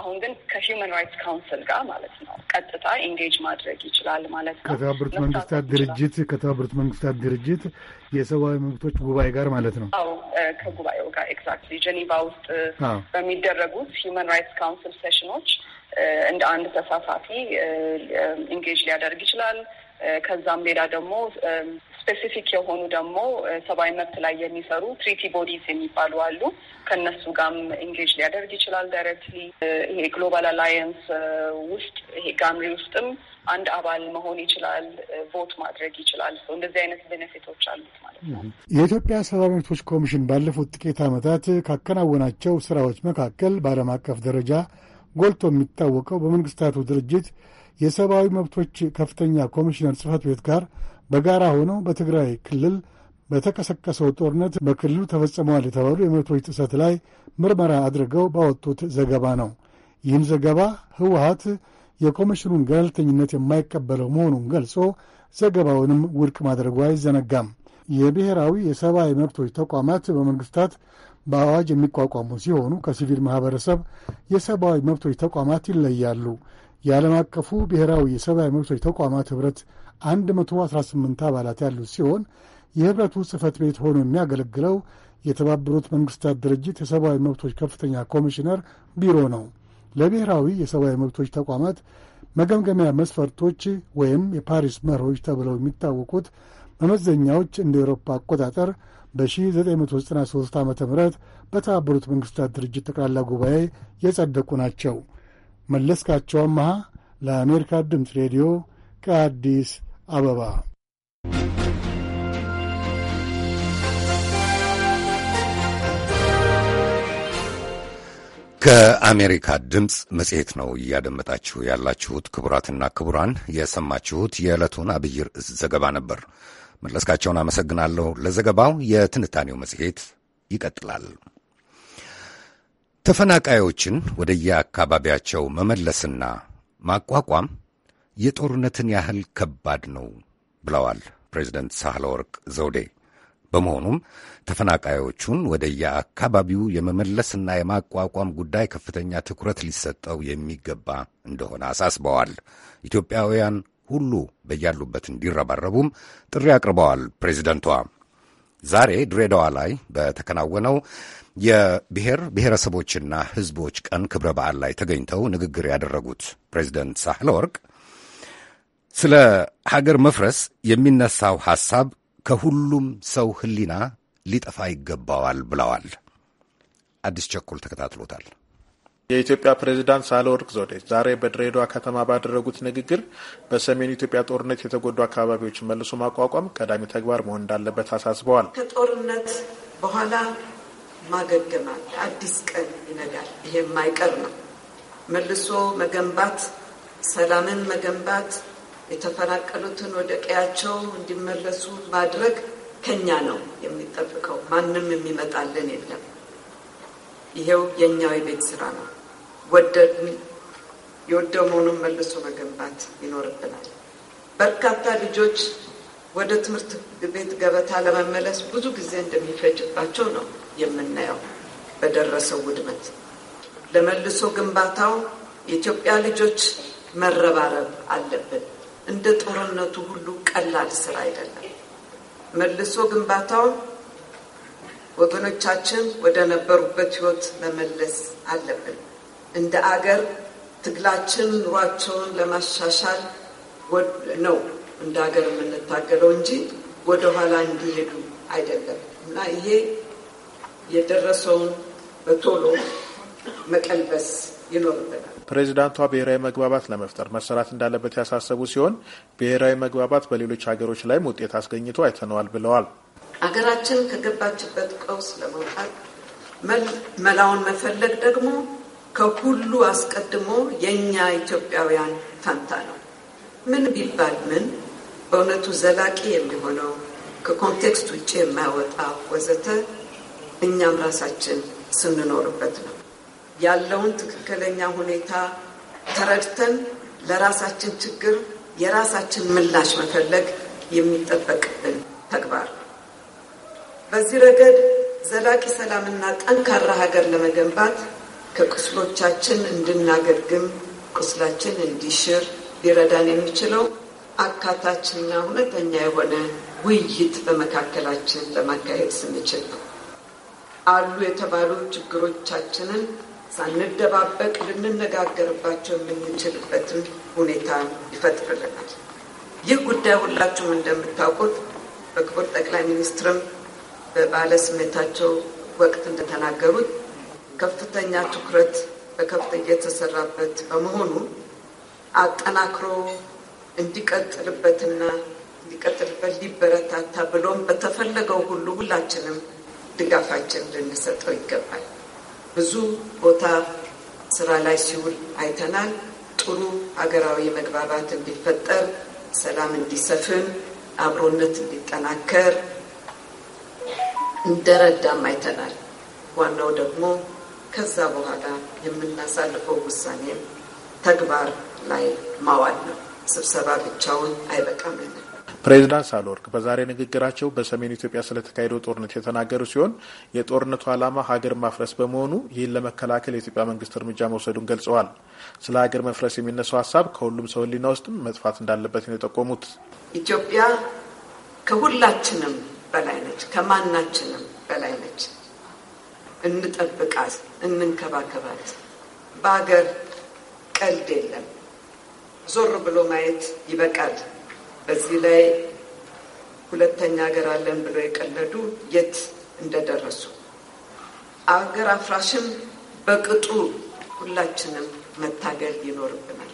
B: አሁን ግን ከሂውማን ራይትስ ካውንስል ጋር ማለት ነው ቀጥታ ኢንጌጅ ማድረግ ይችላል ማለት ነው። ከተባበሩት መንግስታት ድርጅት
D: ከተባበሩት መንግስታት ድርጅት የሰብአዊ መብቶች ጉባኤ ጋር ማለት ነው።
B: አዎ ከጉባኤው ጋር ኤግዛክትሊ ጀኒቫ ውስጥ በሚደረጉት ሂውማን ራይትስ ካውንስል ሴሽኖች እንደ አንድ ተሳታፊ ኢንጌጅ ሊያደርግ ይችላል። ከዛም ሌላ ደግሞ ስፔሲፊክ የሆኑ ደግሞ ሰብአዊ መብት ላይ የሚሰሩ ትሪቲ ቦዲስ የሚባሉ አሉ። ከእነሱ ጋርም ኢንጌጅ ሊያደርግ ይችላል። ዳይሬክትሊ ይሄ ግሎባል አላየንስ ውስጥ ይሄ ጋምሪ ውስጥም አንድ አባል መሆን ይችላል። ቮት ማድረግ ይችላል። እንደዚህ አይነት ቤኔፊቶች
D: አሉት ማለት ነው። የኢትዮጵያ ሰብአዊ መብቶች ኮሚሽን ባለፉት ጥቂት ዓመታት ካከናወናቸው ስራዎች መካከል በዓለም አቀፍ ደረጃ ጎልቶ የሚታወቀው በመንግስታቱ ድርጅት የሰብአዊ መብቶች ከፍተኛ ኮሚሽነር ጽህፈት ቤት ጋር በጋራ ሆነው በትግራይ ክልል በተቀሰቀሰው ጦርነት በክልሉ ተፈጽመዋል የተባሉ የመብቶች ጥሰት ላይ ምርመራ አድርገው ባወጡት ዘገባ ነው። ይህም ዘገባ ህወሀት የኮሚሽኑን ገለልተኝነት የማይቀበለው መሆኑን ገልጾ ዘገባውንም ውድቅ ማድረጉ አይዘነጋም። የብሔራዊ የሰብአዊ መብቶች ተቋማት በመንግስታት በአዋጅ የሚቋቋሙ ሲሆኑ ከሲቪል ማህበረሰብ የሰብአዊ መብቶች ተቋማት ይለያሉ። የዓለም አቀፉ ብሔራዊ የሰብአዊ መብቶች ተቋማት ኅብረት 118 አባላት ያሉት ሲሆን የህብረቱ ጽህፈት ቤት ሆኖ የሚያገለግለው የተባበሩት መንግስታት ድርጅት የሰብአዊ መብቶች ከፍተኛ ኮሚሽነር ቢሮ ነው። ለብሔራዊ የሰብአዊ መብቶች ተቋማት መገምገሚያ መስፈርቶች ወይም የፓሪስ መርሆች ተብለው የሚታወቁት መመዘኛዎች እንደ ኤሮፓ አቆጣጠር በ1993 ዓ ም በተባበሩት መንግስታት ድርጅት ጠቅላላ ጉባኤ የጸደቁ ናቸው። መለስካቸው አመሃ ለአሜሪካ ድምፅ ሬዲዮ ከአዲስ አበባ
A: ከአሜሪካ ድምፅ መጽሔት ነው እያደመጣችሁ ያላችሁት። ክቡራትና ክቡራን የሰማችሁት የዕለቱን አብይ ርዕስ ዘገባ ነበር። መለስካቸውን አመሰግናለሁ ለዘገባው። የትንታኔው መጽሔት ይቀጥላል። ተፈናቃዮችን ወደየአካባቢያቸው መመለስና ማቋቋም የጦርነትን ያህል ከባድ ነው ብለዋል ፕሬዚደንት ሳህለወርቅ ዘውዴ። በመሆኑም ተፈናቃዮቹን ወደ የአካባቢው የመመለስና የማቋቋም ጉዳይ ከፍተኛ ትኩረት ሊሰጠው የሚገባ እንደሆነ አሳስበዋል። ኢትዮጵያውያን ሁሉ በያሉበት እንዲረባረቡም ጥሪ አቅርበዋል። ፕሬዚደንቷ ዛሬ ድሬዳዋ ላይ በተከናወነው የብሔር ብሔረሰቦችና ሕዝቦች ቀን ክብረ በዓል ላይ ተገኝተው ንግግር ያደረጉት ፕሬዚደንት ወርቅ ስለ ሀገር መፍረስ የሚነሳው ሐሳብ ከሁሉም ሰው ሕሊና ሊጠፋ ይገባዋል ብለዋል። አዲስ ቸኮል
H: ተከታትሎታል። የኢትዮጵያ ፕሬዚዳንት ሳህለወርቅ ዘውዴ ዛሬ በድሬዳዋ ከተማ ባደረጉት ንግግር በሰሜን ኢትዮጵያ ጦርነት የተጎዱ አካባቢዎችን መልሶ ማቋቋም ቀዳሚ ተግባር መሆን እንዳለበት አሳስበዋል።
I: ከጦርነት በኋላ ማገገማል፣ አዲስ ቀን ይነጋል። ይሄ የማይቀር ነው። መልሶ መገንባት፣ ሰላምን መገንባት የተፈናቀሉትን ወደ ቀያቸው እንዲመለሱ ማድረግ ከኛ ነው የሚጠብቀው። ማንም የሚመጣልን የለም። ይሄው የእኛው የቤት ስራ ነው። ወደድን የወደመውንም መልሶ መገንባት ይኖርብናል። በርካታ ልጆች ወደ ትምህርት ቤት ገበታ ለመመለስ ብዙ ጊዜ እንደሚፈጅባቸው ነው የምናየው። በደረሰው ውድመት ለመልሶ ግንባታው የኢትዮጵያ ልጆች መረባረብ አለብን። እንደ ጦርነቱ ሁሉ ቀላል ስራ አይደለም። መልሶ ግንባታውን ወገኖቻችን ወደ ነበሩበት ህይወት መመለስ አለብን። እንደ አገር ትግላችን ኑሯቸውን ለማሻሻል ነው እንደ ሀገር የምንታገለው እንጂ ወደኋላ እንዲሄዱ አይደለም እና ይሄ የደረሰውን በቶሎ መቀልበስ ይኖርብናል።
H: ፕሬዚዳንቷ ብሔራዊ መግባባት ለመፍጠር መሰራት እንዳለበት ያሳሰቡ ሲሆን ብሔራዊ መግባባት በሌሎች ሀገሮች ላይም ውጤት አስገኝቶ አይተነዋል ብለዋል።
I: አገራችን ከገባችበት ቀውስ ለመውጣት መላውን መፈለግ ደግሞ ከሁሉ አስቀድሞ የእኛ ኢትዮጵያውያን ፈንታ ነው። ምን ቢባል ምን በእውነቱ ዘላቂ የሚሆነው ከኮንቴክስት ውጭ የማያወጣ ወዘተ እኛም ራሳችን ስንኖርበት ነው። ያለውን ትክክለኛ ሁኔታ ተረድተን ለራሳችን ችግር የራሳችን ምላሽ መፈለግ የሚጠበቅብን ተግባር። በዚህ ረገድ ዘላቂ ሰላምና ጠንካራ ሀገር ለመገንባት ከቁስሎቻችን እንድናገግም ቁስላችን እንዲሽር ሊረዳን የሚችለው አካታችንና እውነተኛ የሆነ ውይይት በመካከላችን ለማካሄድ ስንችል ነው። አሉ የተባሉ ችግሮቻችንን ሳንደባበቅ ልንነጋገርባቸው የምንችልበትን ሁኔታ ይፈጥርልናል። ይህ ጉዳይ ሁላችሁም እንደምታውቁት በክቡር ጠቅላይ ሚኒስትርም በባለ ስሜታቸው ወቅት እንደተናገሩት ከፍተኛ ትኩረት በከፍት የተሰራበት በመሆኑ አጠናክሮ እንዲቀጥልበትና እንዲቀጥልበት ሊበረታታ ብሎም በተፈለገው ሁሉ ሁላችንም ድጋፋችን ልንሰጠው ይገባል። ብዙ ቦታ ስራ ላይ ሲውል አይተናል። ጥሩ ሀገራዊ መግባባት እንዲፈጠር፣ ሰላም እንዲሰፍን፣ አብሮነት እንዲጠናከር እንደረዳም አይተናል። ዋናው ደግሞ ከዛ በኋላ የምናሳልፈው ውሳኔም ተግባር ላይ ማዋል ነው። ስብሰባ ብቻውን አይበቃምልን።
H: ፕሬዚዳንት ሳህለወርቅ በዛሬ ንግግራቸው በሰሜን ኢትዮጵያ ስለተካሄደው ጦርነት የተናገሩ ሲሆን የጦርነቱ ዓላማ ሀገር ማፍረስ በመሆኑ ይህን ለመከላከል የኢትዮጵያ መንግስት እርምጃ መውሰዱን ገልጸዋል። ስለ ሀገር መፍረስ የሚነሳው ሀሳብ ከሁሉም ሰው ሕሊና ውስጥም መጥፋት እንዳለበት ነው የጠቆሙት።
I: ኢትዮጵያ ከሁላችንም በላይ ነች፣ ከማናችንም በላይ ነች። እንጠብቃት፣ እንንከባከባት። በሀገር ቀልድ የለም። ዞር ብሎ ማየት ይበቃል። በዚህ ላይ ሁለተኛ ሀገር አለን ብለው የቀለዱ የት እንደደረሱ አገር አፍራሽም በቅጡ ሁላችንም መታገል ይኖርብናል።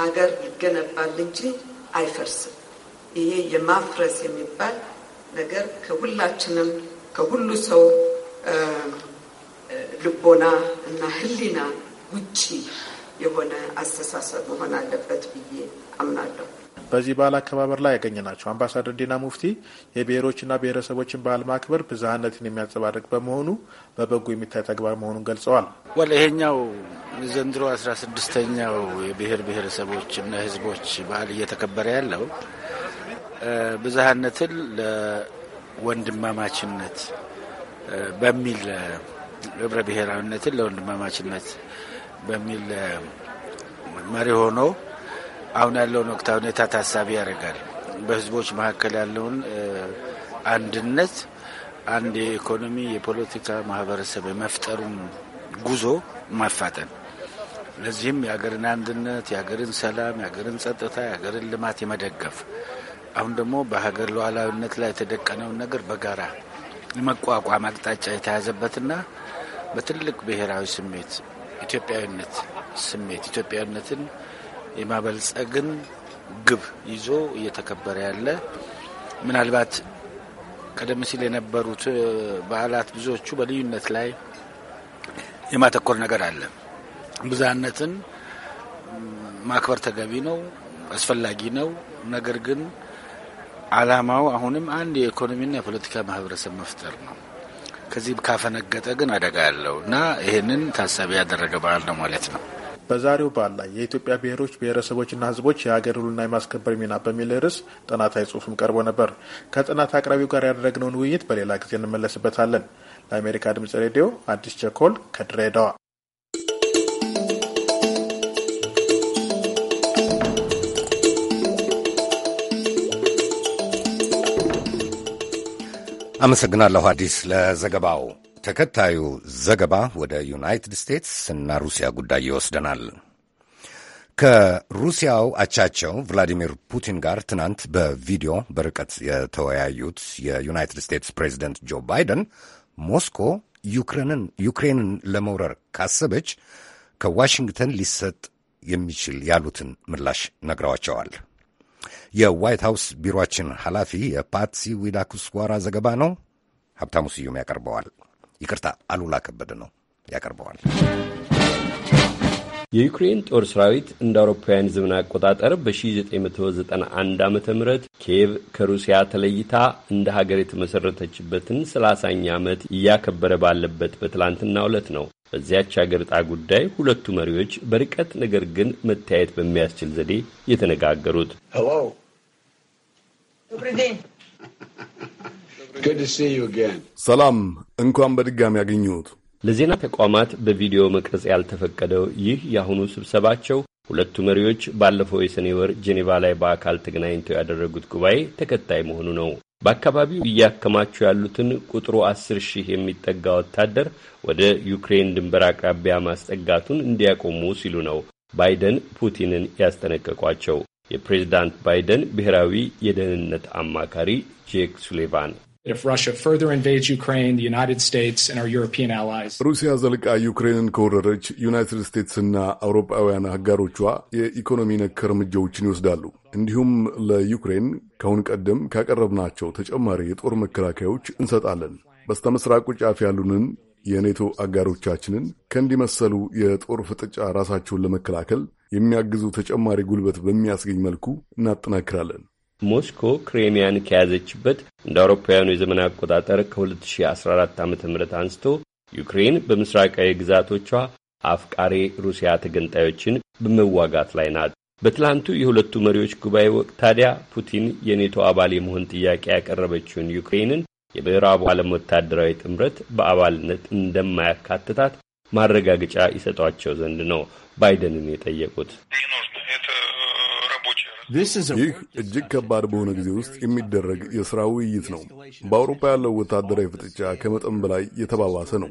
I: ሀገር ይገነባል እንጂ አይፈርስም። ይሄ የማፍረስ የሚባል ነገር ከሁላችንም ከሁሉ ሰው ልቦና እና ሕሊና ውጪ የሆነ አስተሳሰብ መሆን አለበት ብዬ አምናለሁ።
H: በዚህ በዓል አከባበር ላይ ያገኘናቸው አምባሳደር ዲና ሙፍቲ የብሔሮችና ብሔረሰቦችን በዓል ማክበር ብዝሃነትን የሚያንጸባርቅ በመሆኑ በበጎ የሚታይ ተግባር መሆኑን ገልጸዋል።
F: ወላ ይሄኛው ዘንድሮ አስራ ስድስተኛው የብሔር ብሔረሰቦችና ህዝቦች በዓል እየተከበረ ያለው ብዝሃነትን ለወንድማማችነት በሚል ህብረ ብሔራዊነትን ለወንድማማችነት በሚል መሪ ሆኖ አሁን ያለውን ወቅታዊ ሁኔታ ታሳቢ ያደርጋል። በህዝቦች መካከል ያለውን አንድነት አንድ የኢኮኖሚ የፖለቲካ ማህበረሰብ የመፍጠሩን ጉዞ ማፋጠን ለዚህም የሀገርን አንድነት፣ የሀገርን ሰላም፣ የሀገርን ጸጥታ፣ የሀገርን ልማት የመደገፍ አሁን ደግሞ በሀገር ሉዓላዊነት ላይ የተደቀነውን ነገር በጋራ የመቋቋም አቅጣጫ የተያዘበትና በትልቅ ብሔራዊ ስሜት ኢትዮጵያዊነት ስሜት ኢትዮጵያዊነትን የማበልጸግን ግብ ይዞ እየተከበረ ያለ ምናልባት ቀደም ሲል የነበሩት በዓላት ብዙዎቹ በልዩነት ላይ የማተኮር ነገር አለ። ብዝሃነትን ማክበር ተገቢ ነው፣ አስፈላጊ ነው። ነገር ግን ዓላማው አሁንም አንድ የኢኮኖሚና የፖለቲካ ማህበረሰብ መፍጠር ነው። ከዚህ ካፈነገጠ ግን አደጋ አለው እና ይህንን ታሳቢ ያደረገ በዓል ነው ማለት ነው።
H: በዛሬው በዓል ላይ የኢትዮጵያ ብሔሮች ብሔረሰቦችና ህዝቦች የሀገር ሁሉና የማስከበር ሚና በሚል ርዕስ ጥናታዊ ጽሑፍም ቀርቦ ነበር። ከጥናት አቅራቢው ጋር ያደረግነውን ውይይት በሌላ ጊዜ እንመለስበታለን። ለአሜሪካ ድምጽ ሬዲዮ አዲስ ቸኮል ከድሬዳዋ።
A: አመሰግናለሁ አዲስ ለዘገባው። ተከታዩ ዘገባ ወደ ዩናይትድ ስቴትስ እና ሩሲያ ጉዳይ ይወስደናል። ከሩሲያው አቻቸው ቭላዲሚር ፑቲን ጋር ትናንት በቪዲዮ በርቀት የተወያዩት የዩናይትድ ስቴትስ ፕሬዚደንት ጆ ባይደን ሞስኮ ዩክሬንን ለመውረር ካሰበች ከዋሽንግተን ሊሰጥ የሚችል ያሉትን ምላሽ ነግረዋቸዋል። የዋይት ሀውስ ቢሮአችን ኃላፊ የፓትሲ ዋራ ዘገባ ነው። ሀብታሙ ስዩም ያቀርበዋል። ይቅርታ አሉላ ከበደ ነው ያቀርበዋል።
G: የዩክሬን ጦር ሰራዊት እንደ አውሮፓውያን ዘመን አቆጣጠር በ1991 ዓ ም ኪየቭ ከሩሲያ ተለይታ እንደ ሀገር የተመሠረተችበትን ሰላሳኛ ዓመት እያከበረ ባለበት በትላንትና ዕለት ነው በዚያች አገር ዕጣ ጉዳይ ሁለቱ መሪዎች በርቀት ነገር ግን መታየት በሚያስችል ዘዴ የተነጋገሩት። ሰላም፣ እንኳን በድጋሚ ያገኘሁት። ለዜና ተቋማት በቪዲዮ መቅረጽ ያልተፈቀደው ይህ የአሁኑ ስብሰባቸው ሁለቱ መሪዎች ባለፈው የሰኔ ወር ጄኔቫ ላይ በአካል ተገናኝተው ያደረጉት ጉባኤ ተከታይ መሆኑ ነው። በአካባቢው እያከማቸው ያሉትን ቁጥሩ አስር ሺህ የሚጠጋ ወታደር ወደ ዩክሬን ድንበር አቅራቢያ ማስጠጋቱን እንዲያቆሙ ሲሉ ነው ባይደን ፑቲንን ያስጠነቀቋቸው። የፕሬዚዳንት ባይደን ብሔራዊ የደህንነት አማካሪ ጄክ ሱሊቫን
E: ሩሲያ ዘልቃ ዩክሬንን ከወረረች ዩናይትድ ስቴትስና አውሮጳውያን አጋሮቿ የኢኮኖሚ ነክ እርምጃዎችን ይወስዳሉ። እንዲሁም ለዩክሬን ከአሁን ቀደም ካቀረብናቸው ተጨማሪ የጦር መከላከያዎች እንሰጣለን። በስተምስራቁ ጫፍ ያሉንን የኔቶ አጋሮቻችንን ከእንዲመሰሉ የጦር ፍጥጫ ራሳቸውን ለመከላከል የሚያግዙ ተጨማሪ ጉልበት በሚያስገኝ መልኩ እናጠናክራለን።
G: ሞስኮ ክሬሚያን ከያዘችበት እንደ አውሮፓውያኑ የዘመን አቆጣጠር ከ2014 ዓ ም አንስቶ ዩክሬን በምስራቃዊ ግዛቶቿ አፍቃሬ ሩሲያ ተገንጣዮችን በመዋጋት ላይ ናት። በትላንቱ የሁለቱ መሪዎች ጉባኤ ወቅት ታዲያ ፑቲን የኔቶ አባል የመሆን ጥያቄ ያቀረበችውን ዩክሬንን የምዕራቡ ዓለም ወታደራዊ ጥምረት በአባልነት እንደማያካትታት ማረጋገጫ ይሰጧቸው ዘንድ ነው ባይደንን የጠየቁት።
E: ይህ እጅግ ከባድ በሆነ ጊዜ ውስጥ የሚደረግ የሥራ ውይይት ነው። በአውሮፓ ያለው ወታደራዊ ፍጥጫ ከመጠን በላይ የተባባሰ ነው።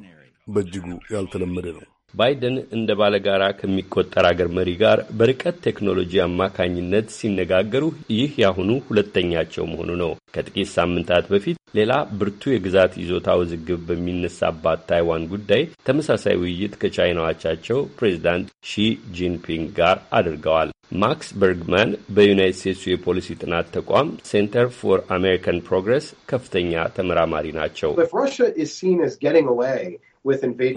E: በእጅጉ ያልተለመደ ነው።
G: ባይደን እንደ ባለጋራ ከሚቆጠር አገር መሪ ጋር በርቀት ቴክኖሎጂ አማካኝነት ሲነጋገሩ ይህ ያሁኑ ሁለተኛቸው መሆኑ ነው። ከጥቂት ሳምንታት በፊት ሌላ ብርቱ የግዛት ይዞታ ውዝግብ በሚነሳባት ታይዋን ጉዳይ ተመሳሳይ ውይይት ከቻይናዎቻቸው ፕሬዚዳንት ሺ ጂንፒንግ ጋር አድርገዋል። ማክስ በርግማን በዩናይት ስቴትሱ የፖሊሲ ጥናት ተቋም ሴንተር ፎር አሜሪካን ፕሮግረስ ከፍተኛ ተመራማሪ
E: ናቸው።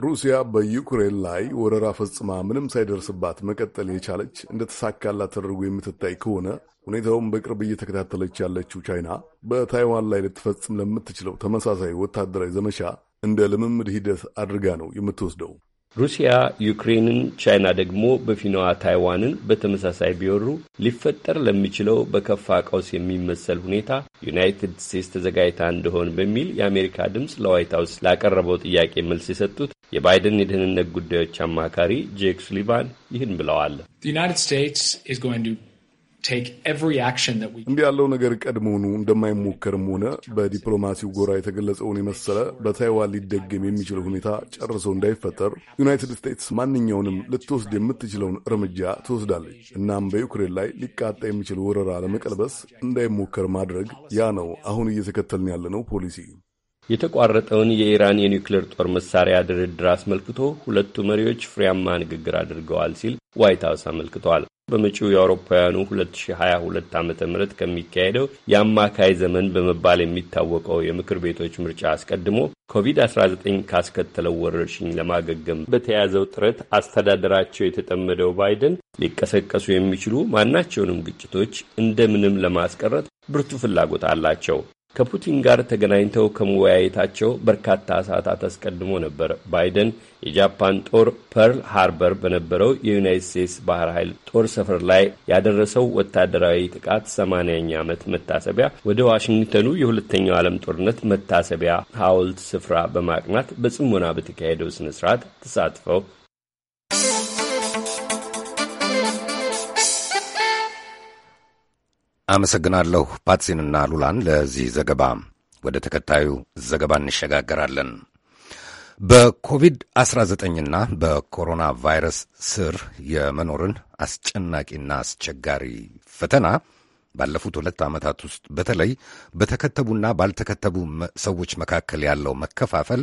E: ሩሲያ በዩክሬን ላይ ወረራ ፈጽማ ምንም ሳይደርስባት መቀጠል የቻለች እንደተሳካላት ተደርጎ የምትታይ ከሆነ ሁኔታውን በቅርብ እየተከታተለች ያለችው ቻይና በታይዋን ላይ ልትፈጽም ለምትችለው ተመሳሳይ ወታደራዊ ዘመቻ እንደ ልምምድ ሂደት አድርጋ ነው የምትወስደው። ሩሲያ
G: ዩክሬንን፣ ቻይና ደግሞ በፊናዋ ታይዋንን በተመሳሳይ ቢወሩ ሊፈጠር ለሚችለው በከፋ ቀውስ የሚመሰል ሁኔታ ዩናይትድ ስቴትስ ተዘጋጅታ እንደሆን በሚል የአሜሪካ ድምፅ ለዋይት ሀውስ ላቀረበው ጥያቄ መልስ የሰጡት የባይደን የደህንነት ጉዳዮች
E: አማካሪ ጄክ ሱሊቫን ይህን ብለዋል። እንዲህ ያለው ነገር ቀድሞውኑ እንደማይሞከርም ሆነ በዲፕሎማሲው ጎራ የተገለጸውን የመሰለ በታይዋን ሊደገም የሚችል ሁኔታ ጨርሰው እንዳይፈጠር ዩናይትድ ስቴትስ ማንኛውንም ልትወስድ የምትችለውን እርምጃ ትወስዳለች። እናም በዩክሬን ላይ ሊቃጣ የሚችል ወረራ ለመቀልበስ እንዳይሞከር ማድረግ ያ ነው አሁን እየተከተልን ያለነው ፖሊሲ።
G: የተቋረጠውን የኢራን የኒውክሌር ጦር መሳሪያ ድርድር አስመልክቶ ሁለቱ መሪዎች ፍሬያማ ንግግር አድርገዋል ሲል ዋይት ሀውስ አመልክተዋል። በመጪው የአውሮፓውያኑ 2022 ዓ ም ከሚካሄደው የአማካይ ዘመን በመባል የሚታወቀው የምክር ቤቶች ምርጫ አስቀድሞ ኮቪድ-19 ካስከተለው ወረርሽኝ ለማገገም በተያዘው ጥረት አስተዳደራቸው የተጠመደው ባይደን ሊቀሰቀሱ የሚችሉ ማናቸውንም ግጭቶች እንደምንም ለማስቀረት ብርቱ ፍላጎት አላቸው። ከፑቲን ጋር ተገናኝተው ከመወያየታቸው በርካታ ሰዓታት አስቀድሞ ነበር ባይደን የጃፓን ጦር ፐርል ሃርበር በነበረው የዩናይትድ ስቴትስ ባህር ኃይል ጦር ሰፈር ላይ ያደረሰው ወታደራዊ ጥቃት ሰማንያኛ ዓመት መታሰቢያ ወደ ዋሽንግተኑ የሁለተኛው ዓለም ጦርነት መታሰቢያ ሐውልት ስፍራ በማቅናት በጽሞና በተካሄደው ስነ ስርዓት ተሳትፈው
A: አመሰግናለሁ ፓትሲንና ሉላን ለዚህ ዘገባ። ወደ ተከታዩ ዘገባ እንሸጋገራለን። በኮቪድ-19ና በኮሮና ቫይረስ ስር የመኖርን አስጨናቂና አስቸጋሪ ፈተና ባለፉት ሁለት ዓመታት ውስጥ በተለይ በተከተቡና ባልተከተቡ ሰዎች መካከል ያለው መከፋፈል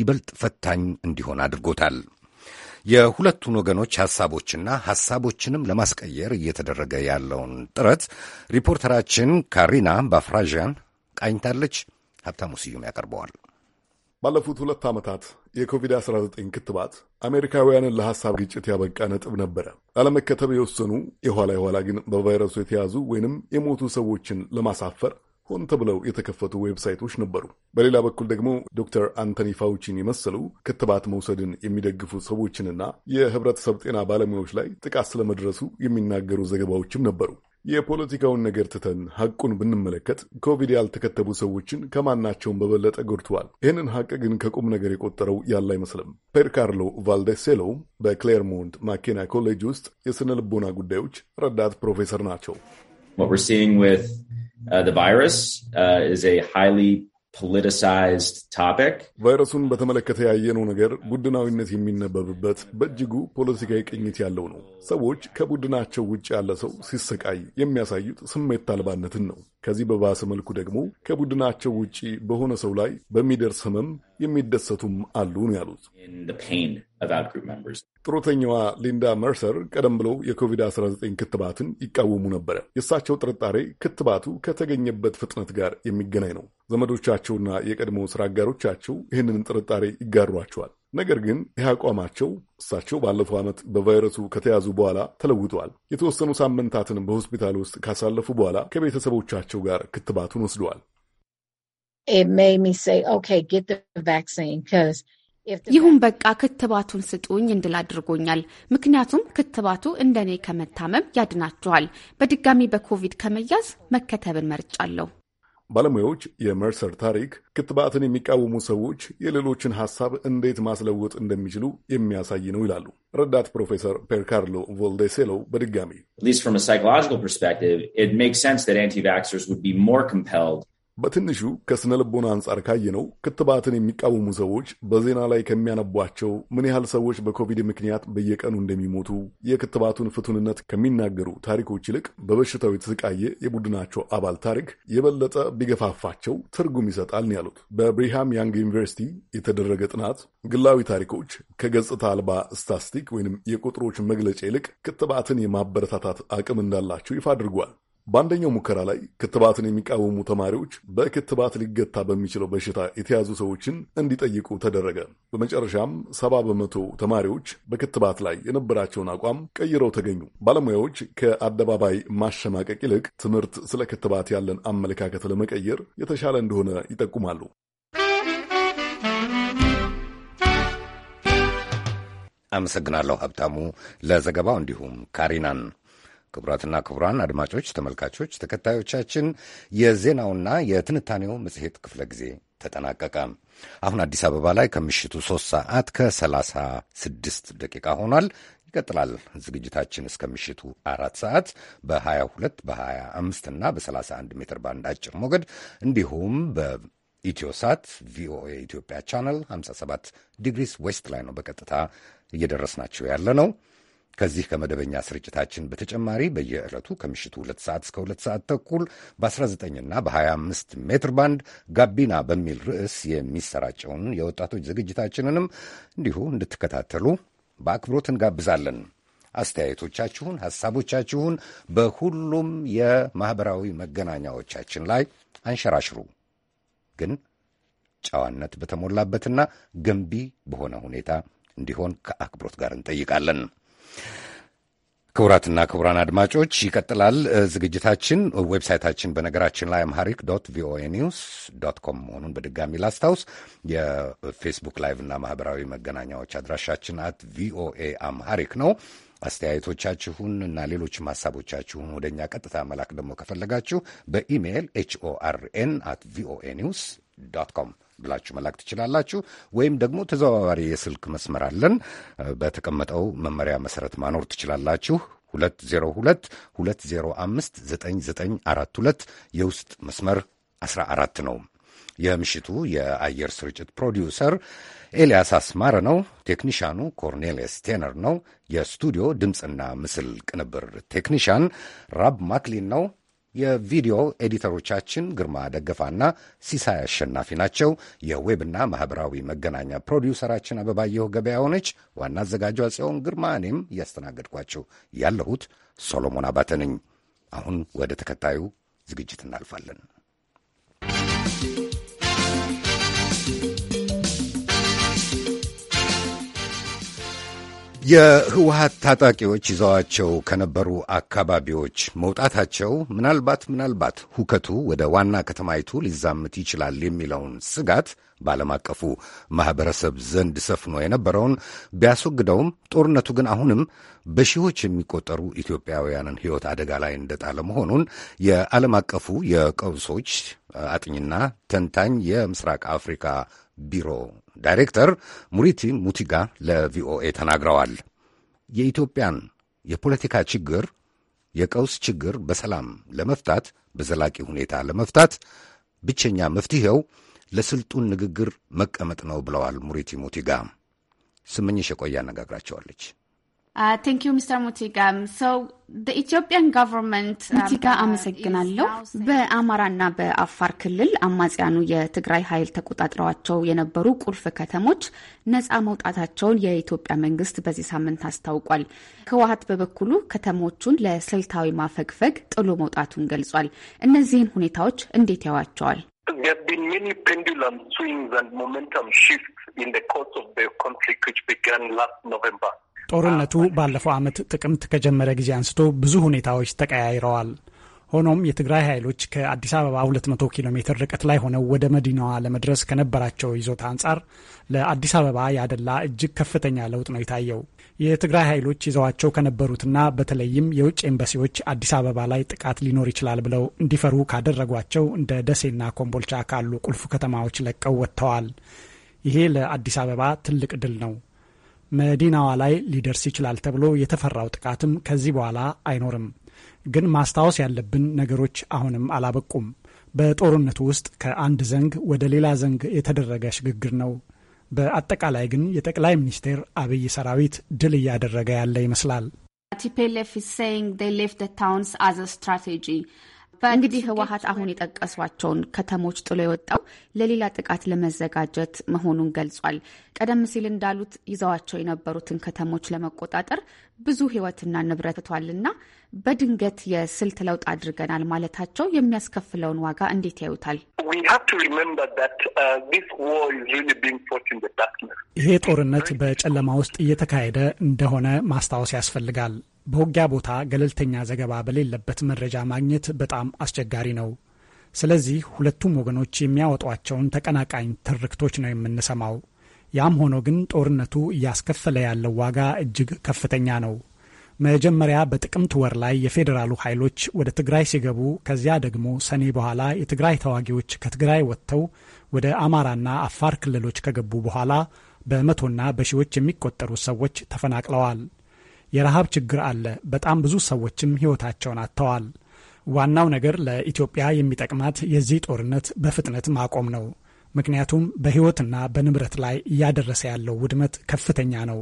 A: ይበልጥ ፈታኝ እንዲሆን አድርጎታል። የሁለቱን ወገኖች ሐሳቦችና ሐሳቦችንም ለማስቀየር እየተደረገ ያለውን ጥረት ሪፖርተራችን ካሪና ባፍራዣን ቃኝታለች። ሀብታሙ
E: ስዩም ያቀርበዋል። ባለፉት ሁለት ዓመታት የኮቪድ-19 ክትባት አሜሪካውያንን ለሐሳብ ግጭት ያበቃ ነጥብ ነበረ። ላለመከተብ የወሰኑ የኋላ የኋላ ግን በቫይረሱ የተያዙ ወይንም የሞቱ ሰዎችን ለማሳፈር ሆን ተብለው የተከፈቱ ዌብሳይቶች ነበሩ። በሌላ በኩል ደግሞ ዶክተር አንቶኒ ፋውቺን የመሰሉ ክትባት መውሰድን የሚደግፉ ሰዎችንና የህብረተሰብ ጤና ባለሙያዎች ላይ ጥቃት ስለመድረሱ የሚናገሩ ዘገባዎችም ነበሩ። የፖለቲካውን ነገር ትተን ሐቁን ብንመለከት ኮቪድ ያልተከተቡ ሰዎችን ከማናቸውም በበለጠ ጎድተዋል። ይህንን ሐቅ ግን ከቁም ነገር የቆጠረው ያለ አይመስልም። ፔር ካርሎ ቫልደሴሎ በክሌርሞንት ማኬና ኮሌጅ ውስጥ የሥነ ልቦና ጉዳዮች ረዳት ፕሮፌሰር ናቸው። Uh, the virus uh, is a highly ቫይረሱን በተመለከተ ያየነው ነገር ቡድናዊነት የሚነበብበት በእጅጉ ፖለቲካዊ ቅኝት ያለው ነው። ሰዎች ከቡድናቸው ውጭ ያለ ሰው ሲሰቃይ የሚያሳዩት ስሜት አልባነትን ነው። ከዚህ በባሰ መልኩ ደግሞ ከቡድናቸው ውጭ በሆነ ሰው ላይ በሚደርስ ህመም የሚደሰቱም አሉ ነው ያሉት። ጡረተኛዋ ሊንዳ መርሰር ቀደም ብለው የኮቪድ-19 ክትባትን ይቃወሙ ነበረ። የእሳቸው ጥርጣሬ ክትባቱ ከተገኘበት ፍጥነት ጋር የሚገናኝ ነው። ዘመዶቻቸውና የቀድሞ ስራ አጋሮቻቸው ይህንን ጥርጣሬ ይጋሯቸዋል። ነገር ግን ይህ አቋማቸው እሳቸው ባለፈው ዓመት በቫይረሱ ከተያዙ በኋላ ተለውጠዋል። የተወሰኑ ሳምንታትን በሆስፒታል ውስጥ ካሳለፉ በኋላ ከቤተሰቦቻቸው ጋር ክትባቱን ወስደዋል።
J: ይሁን በቃ ክትባቱን ስጡኝ እንድል አድርጎኛል። ምክንያቱም ክትባቱ እንደኔ ከመታመም ያድናችኋል። በድጋሚ በኮቪድ ከመያዝ መከተብን
E: መርጫለሁ። ባለሙያዎች የመርሰር ታሪክ ክትባትን የሚቃወሙ ሰዎች የሌሎችን ሀሳብ እንዴት ማስለወጥ እንደሚችሉ የሚያሳይ ነው ይላሉ። ረዳት ፕሮፌሰር ፔርካርሎ ቮልደሴሎ በድጋሚ በትንሹ ከስነ ልቦና አንጻር ካየነው ክትባትን የሚቃወሙ ሰዎች በዜና ላይ ከሚያነቧቸው ምን ያህል ሰዎች በኮቪድ ምክንያት በየቀኑ እንደሚሞቱ የክትባቱን ፍቱንነት ከሚናገሩ ታሪኮች ይልቅ በበሽታው የተሰቃየ የቡድናቸው አባል ታሪክ የበለጠ ቢገፋፋቸው ትርጉም ይሰጣል ነው ያሉት። በብሪሃም ያንግ ዩኒቨርሲቲ የተደረገ ጥናት ግላዊ ታሪኮች ከገጽታ አልባ ስታስቲክ ወይም የቁጥሮች መግለጫ ይልቅ ክትባትን የማበረታታት አቅም እንዳላቸው ይፋ አድርጓል። በአንደኛው ሙከራ ላይ ክትባትን የሚቃወሙ ተማሪዎች በክትባት ሊገታ በሚችለው በሽታ የተያዙ ሰዎችን እንዲጠይቁ ተደረገ። በመጨረሻም ሰባ በመቶ ተማሪዎች በክትባት ላይ የነበራቸውን አቋም ቀይረው ተገኙ። ባለሙያዎች ከአደባባይ ማሸማቀቅ ይልቅ ትምህርት ስለ ክትባት ያለን አመለካከት ለመቀየር የተሻለ እንደሆነ ይጠቁማሉ።
A: አመሰግናለሁ ሀብታሙ ለዘገባው፣ እንዲሁም ካሪናን ክቡራትና ክቡራን አድማጮች፣ ተመልካቾች፣ ተከታዮቻችን የዜናውና የትንታኔው መጽሔት ክፍለ ጊዜ ተጠናቀቀ። አሁን አዲስ አበባ ላይ ከምሽቱ 3 ሰዓት ከ36 ደቂቃ ሆኗል። ይቀጥላል ዝግጅታችን እስከ ምሽቱ አራት ሰዓት በ22 በ25 እና በ31 ሜትር ባንድ አጭር ሞገድ እንዲሁም በኢትዮሳት ቪኦኤ ኢትዮጵያ ቻናል 57 ዲግሪስ ዌስት ላይ ነው በቀጥታ እየደረስናቸው ያለ ነው። ከዚህ ከመደበኛ ስርጭታችን በተጨማሪ በየዕለቱ ከምሽቱ ሁለት ሰዓት እስከ ሁለት ሰዓት ተኩል በ19ና በ25 ሜትር ባንድ ጋቢና በሚል ርዕስ የሚሰራጨውን የወጣቶች ዝግጅታችንንም እንዲሁ እንድትከታተሉ በአክብሮት እንጋብዛለን። አስተያየቶቻችሁን፣ ሐሳቦቻችሁን በሁሉም የማኅበራዊ መገናኛዎቻችን ላይ አንሸራሽሩ። ግን ጨዋነት በተሞላበትና ገንቢ በሆነ ሁኔታ እንዲሆን ከአክብሮት ጋር እንጠይቃለን። ክቡራትና ክቡራን አድማጮች ይቀጥላል ዝግጅታችን። ዌብሳይታችን በነገራችን ላይ አምሃሪክ ዶት ቪኦኤ ኒውስ ዶት ኮም መሆኑን በድጋሚ ላስታውስ። የፌስቡክ ላይቭ እና ማህበራዊ መገናኛዎች አድራሻችን አት ቪኦኤ አምሃሪክ ነው። አስተያየቶቻችሁን እና ሌሎችም ሀሳቦቻችሁን ወደ እኛ ቀጥታ መላክ ደግሞ ከፈለጋችሁ በኢሜይል ኤችኦአርኤን አት ቪኦኤ ኒውስ ዶት ኮም ብላችሁ መላክ ትችላላችሁ። ወይም ደግሞ ተዘዋዋሪ የስልክ መስመር አለን። በተቀመጠው መመሪያ መሰረት ማኖር ትችላላችሁ። 2022059942 የውስጥ መስመር 14 ነው። የምሽቱ የአየር ስርጭት ፕሮዲውሰር ኤልያስ አስማረ ነው። ቴክኒሻኑ ኮርኔሊየስ ቴነር ነው። የስቱዲዮ ድምፅና ምስል ቅንብር ቴክኒሻን ራብ ማክሊን ነው። የቪዲዮ ኤዲተሮቻችን ግርማ ደገፋና ሲሳይ አሸናፊ ናቸው። የዌብና ማኅበራዊ መገናኛ ፕሮዲውሰራችን አበባየሁ ገበያ ሆነች። ዋና አዘጋጇ ጽዮን ግርማ፣ እኔም እያስተናገድኳችሁ ያለሁት ሶሎሞን አባተ ነኝ። አሁን ወደ ተከታዩ ዝግጅት እናልፋለን። የህወሀት ታጣቂዎች ይዘዋቸው ከነበሩ አካባቢዎች መውጣታቸው ምናልባት ምናልባት ሁከቱ ወደ ዋና ከተማይቱ ሊዛምት ይችላል የሚለውን ስጋት በዓለም አቀፉ ማኅበረሰብ ዘንድ ሰፍኖ የነበረውን ቢያስወግደውም ጦርነቱ ግን አሁንም በሺዎች የሚቆጠሩ ኢትዮጵያውያንን ሕይወት አደጋ ላይ እንደጣለ መሆኑን የዓለም አቀፉ የቀውሶች አጥኝና ተንታኝ የምስራቅ አፍሪካ ቢሮ ዳይሬክተር ሙሪቲ ሙቲጋ ለቪኦኤ ተናግረዋል። የኢትዮጵያን የፖለቲካ ችግር የቀውስ ችግር በሰላም ለመፍታት በዘላቂ ሁኔታ ለመፍታት ብቸኛ መፍትሄው ለስልጡን ንግግር መቀመጥ ነው ብለዋል ሙሪቲ ሙቲጋ። ስመኝሽ የቆየ አነጋግራቸዋለች።
J: ቴንክ ዩ ሚስተር ኢትዮጵያን ገቨርንመንት ሙቲጋ አመሰግናለሁ። በአማራና በአፋር ክልል አማጽያኑ የትግራይ ኃይል ተቆጣጥረዋቸው የነበሩ ቁልፍ ከተሞች ነፃ መውጣታቸውን የኢትዮጵያ መንግስት በዚህ ሳምንት አስታውቋል። ህወሀት በበኩሉ ከተሞቹን ለስልታዊ ማፈግፈግ ጥሎ መውጣቱን ገልጿል። እነዚህን ሁኔታዎች እንዴት ያዋቸዋል?
C: ጦርነቱ ባለፈው ዓመት ጥቅምት ከጀመረ ጊዜ አንስቶ ብዙ ሁኔታዎች ተቀያይረዋል። ሆኖም የትግራይ ኃይሎች ከአዲስ አበባ 200 ኪሎ ሜትር ርቀት ላይ ሆነው ወደ መዲናዋ ለመድረስ ከነበራቸው ይዞታ አንጻር ለአዲስ አበባ ያደላ እጅግ ከፍተኛ ለውጥ ነው የታየው። የትግራይ ኃይሎች ይዘዋቸው ከነበሩትና በተለይም የውጭ ኤምባሲዎች አዲስ አበባ ላይ ጥቃት ሊኖር ይችላል ብለው እንዲፈሩ ካደረጓቸው እንደ ደሴና ኮምቦልቻ ካሉ ቁልፍ ከተማዎች ለቀው ወጥተዋል። ይሄ ለአዲስ አበባ ትልቅ ድል ነው። መዲናዋ ላይ ሊደርስ ይችላል ተብሎ የተፈራው ጥቃትም ከዚህ በኋላ አይኖርም። ግን ማስታወስ ያለብን ነገሮች አሁንም አላበቁም። በጦርነቱ ውስጥ ከአንድ ዘንግ ወደ ሌላ ዘንግ የተደረገ ሽግግር ነው። በአጠቃላይ ግን የጠቅላይ ሚኒስቴር አብይ ሰራዊት ድል እያደረገ ያለ ይመስላል።
J: ታውንስ አዝ ስትራቴጂ እንግዲህ ህወሀት አሁን የጠቀሷቸውን ከተሞች ጥሎ የወጣው ለሌላ ጥቃት ለመዘጋጀት መሆኑን ገልጿል። ቀደም ሲል እንዳሉት ይዘዋቸው የነበሩትን ከተሞች ለመቆጣጠር ብዙ ህይወትና ንብረት ትቷልና በድንገት የስልት ለውጥ አድርገናል ማለታቸው የሚያስከፍለውን ዋጋ እንዴት ያዩታል?
K: Uh,
C: ይሄ ጦርነት በጨለማ ውስጥ እየተካሄደ እንደሆነ ማስታወስ ያስፈልጋል። በውጊያ ቦታ ገለልተኛ ዘገባ በሌለበት መረጃ ማግኘት በጣም አስቸጋሪ ነው። ስለዚህ ሁለቱም ወገኖች የሚያወጧቸውን ተቀናቃኝ ትርክቶች ነው የምንሰማው። ያም ሆኖ ግን ጦርነቱ እያስከፈለ ያለው ዋጋ እጅግ ከፍተኛ ነው። መጀመሪያ በጥቅምት ወር ላይ የፌዴራሉ ኃይሎች ወደ ትግራይ ሲገቡ፣ ከዚያ ደግሞ ሰኔ በኋላ የትግራይ ተዋጊዎች ከትግራይ ወጥተው ወደ አማራና አፋር ክልሎች ከገቡ በኋላ በመቶና በሺዎች የሚቆጠሩ ሰዎች ተፈናቅለዋል። የረሃብ ችግር አለ። በጣም ብዙ ሰዎችም ሕይወታቸውን አጥተዋል። ዋናው ነገር ለኢትዮጵያ የሚጠቅማት የዚህ ጦርነት በፍጥነት ማቆም ነው። ምክንያቱም በሕይወትና በንብረት ላይ እያደረሰ ያለው ውድመት ከፍተኛ ነው።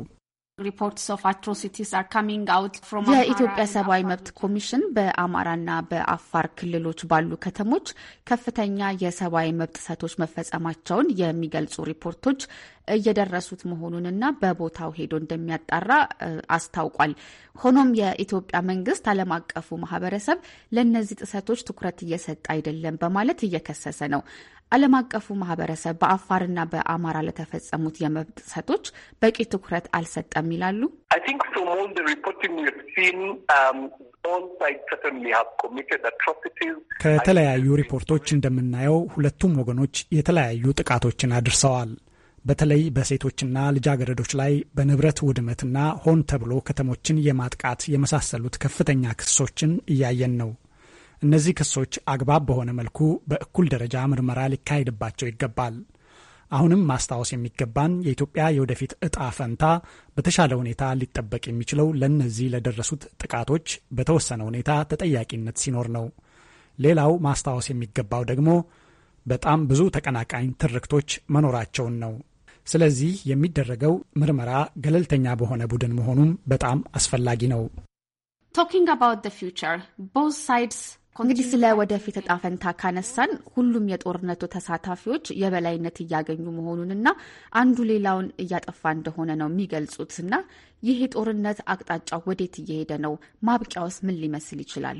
J: የኢትዮጵያ ሰብአዊ መብት ኮሚሽን በአማራና በአፋር ክልሎች ባሉ ከተሞች ከፍተኛ የሰብአዊ መብት ጥሰቶች መፈጸማቸውን የሚገልጹ ሪፖርቶች እየደረሱት መሆኑንና በቦታው ሄዶ እንደሚያጣራ አስታውቋል። ሆኖም የኢትዮጵያ መንግስት ዓለም አቀፉ ማህበረሰብ ለእነዚህ ጥሰቶች ትኩረት እየሰጠ አይደለም በማለት እየከሰሰ ነው። ዓለም አቀፉ ማህበረሰብ በአፋርና በአማራ ለተፈጸሙት የመብት ጥሰቶች በቂ ትኩረት አልሰጠም ይላሉ።
B: um,
C: ከተለያዩ ሪፖርቶች እንደምናየው ሁለቱም ወገኖች የተለያዩ ጥቃቶችን አድርሰዋል። በተለይ በሴቶችና ልጃገረዶች ላይ በንብረት ውድመትና ሆን ተብሎ ከተሞችን የማጥቃት የመሳሰሉት ከፍተኛ ክሶችን እያየን ነው። እነዚህ ክሶች አግባብ በሆነ መልኩ በእኩል ደረጃ ምርመራ ሊካሄድባቸው ይገባል። አሁንም ማስታወስ የሚገባን የኢትዮጵያ የወደፊት እጣ ፈንታ በተሻለ ሁኔታ ሊጠበቅ የሚችለው ለእነዚህ ለደረሱት ጥቃቶች በተወሰነ ሁኔታ ተጠያቂነት ሲኖር ነው። ሌላው ማስታወስ የሚገባው ደግሞ በጣም ብዙ ተቀናቃኝ ትርክቶች መኖራቸውን ነው። ስለዚህ የሚደረገው ምርመራ ገለልተኛ በሆነ ቡድን መሆኑም በጣም አስፈላጊ ነው።
J: ቶኪንግ አባውት ዘ ፊውቸር ቦዝ ሳይድስ እንግዲህ ስለ ወደፊት እጣ ፈንታ ካነሳን ሁሉም የጦርነቱ ተሳታፊዎች የበላይነት እያገኙ መሆኑንና አንዱ ሌላውን እያጠፋ እንደሆነ ነው የሚገልጹት እና ይህ የጦርነት አቅጣጫው ወዴት እየሄደ ነው? ማብቂያውስ ምን ሊመስል ይችላል?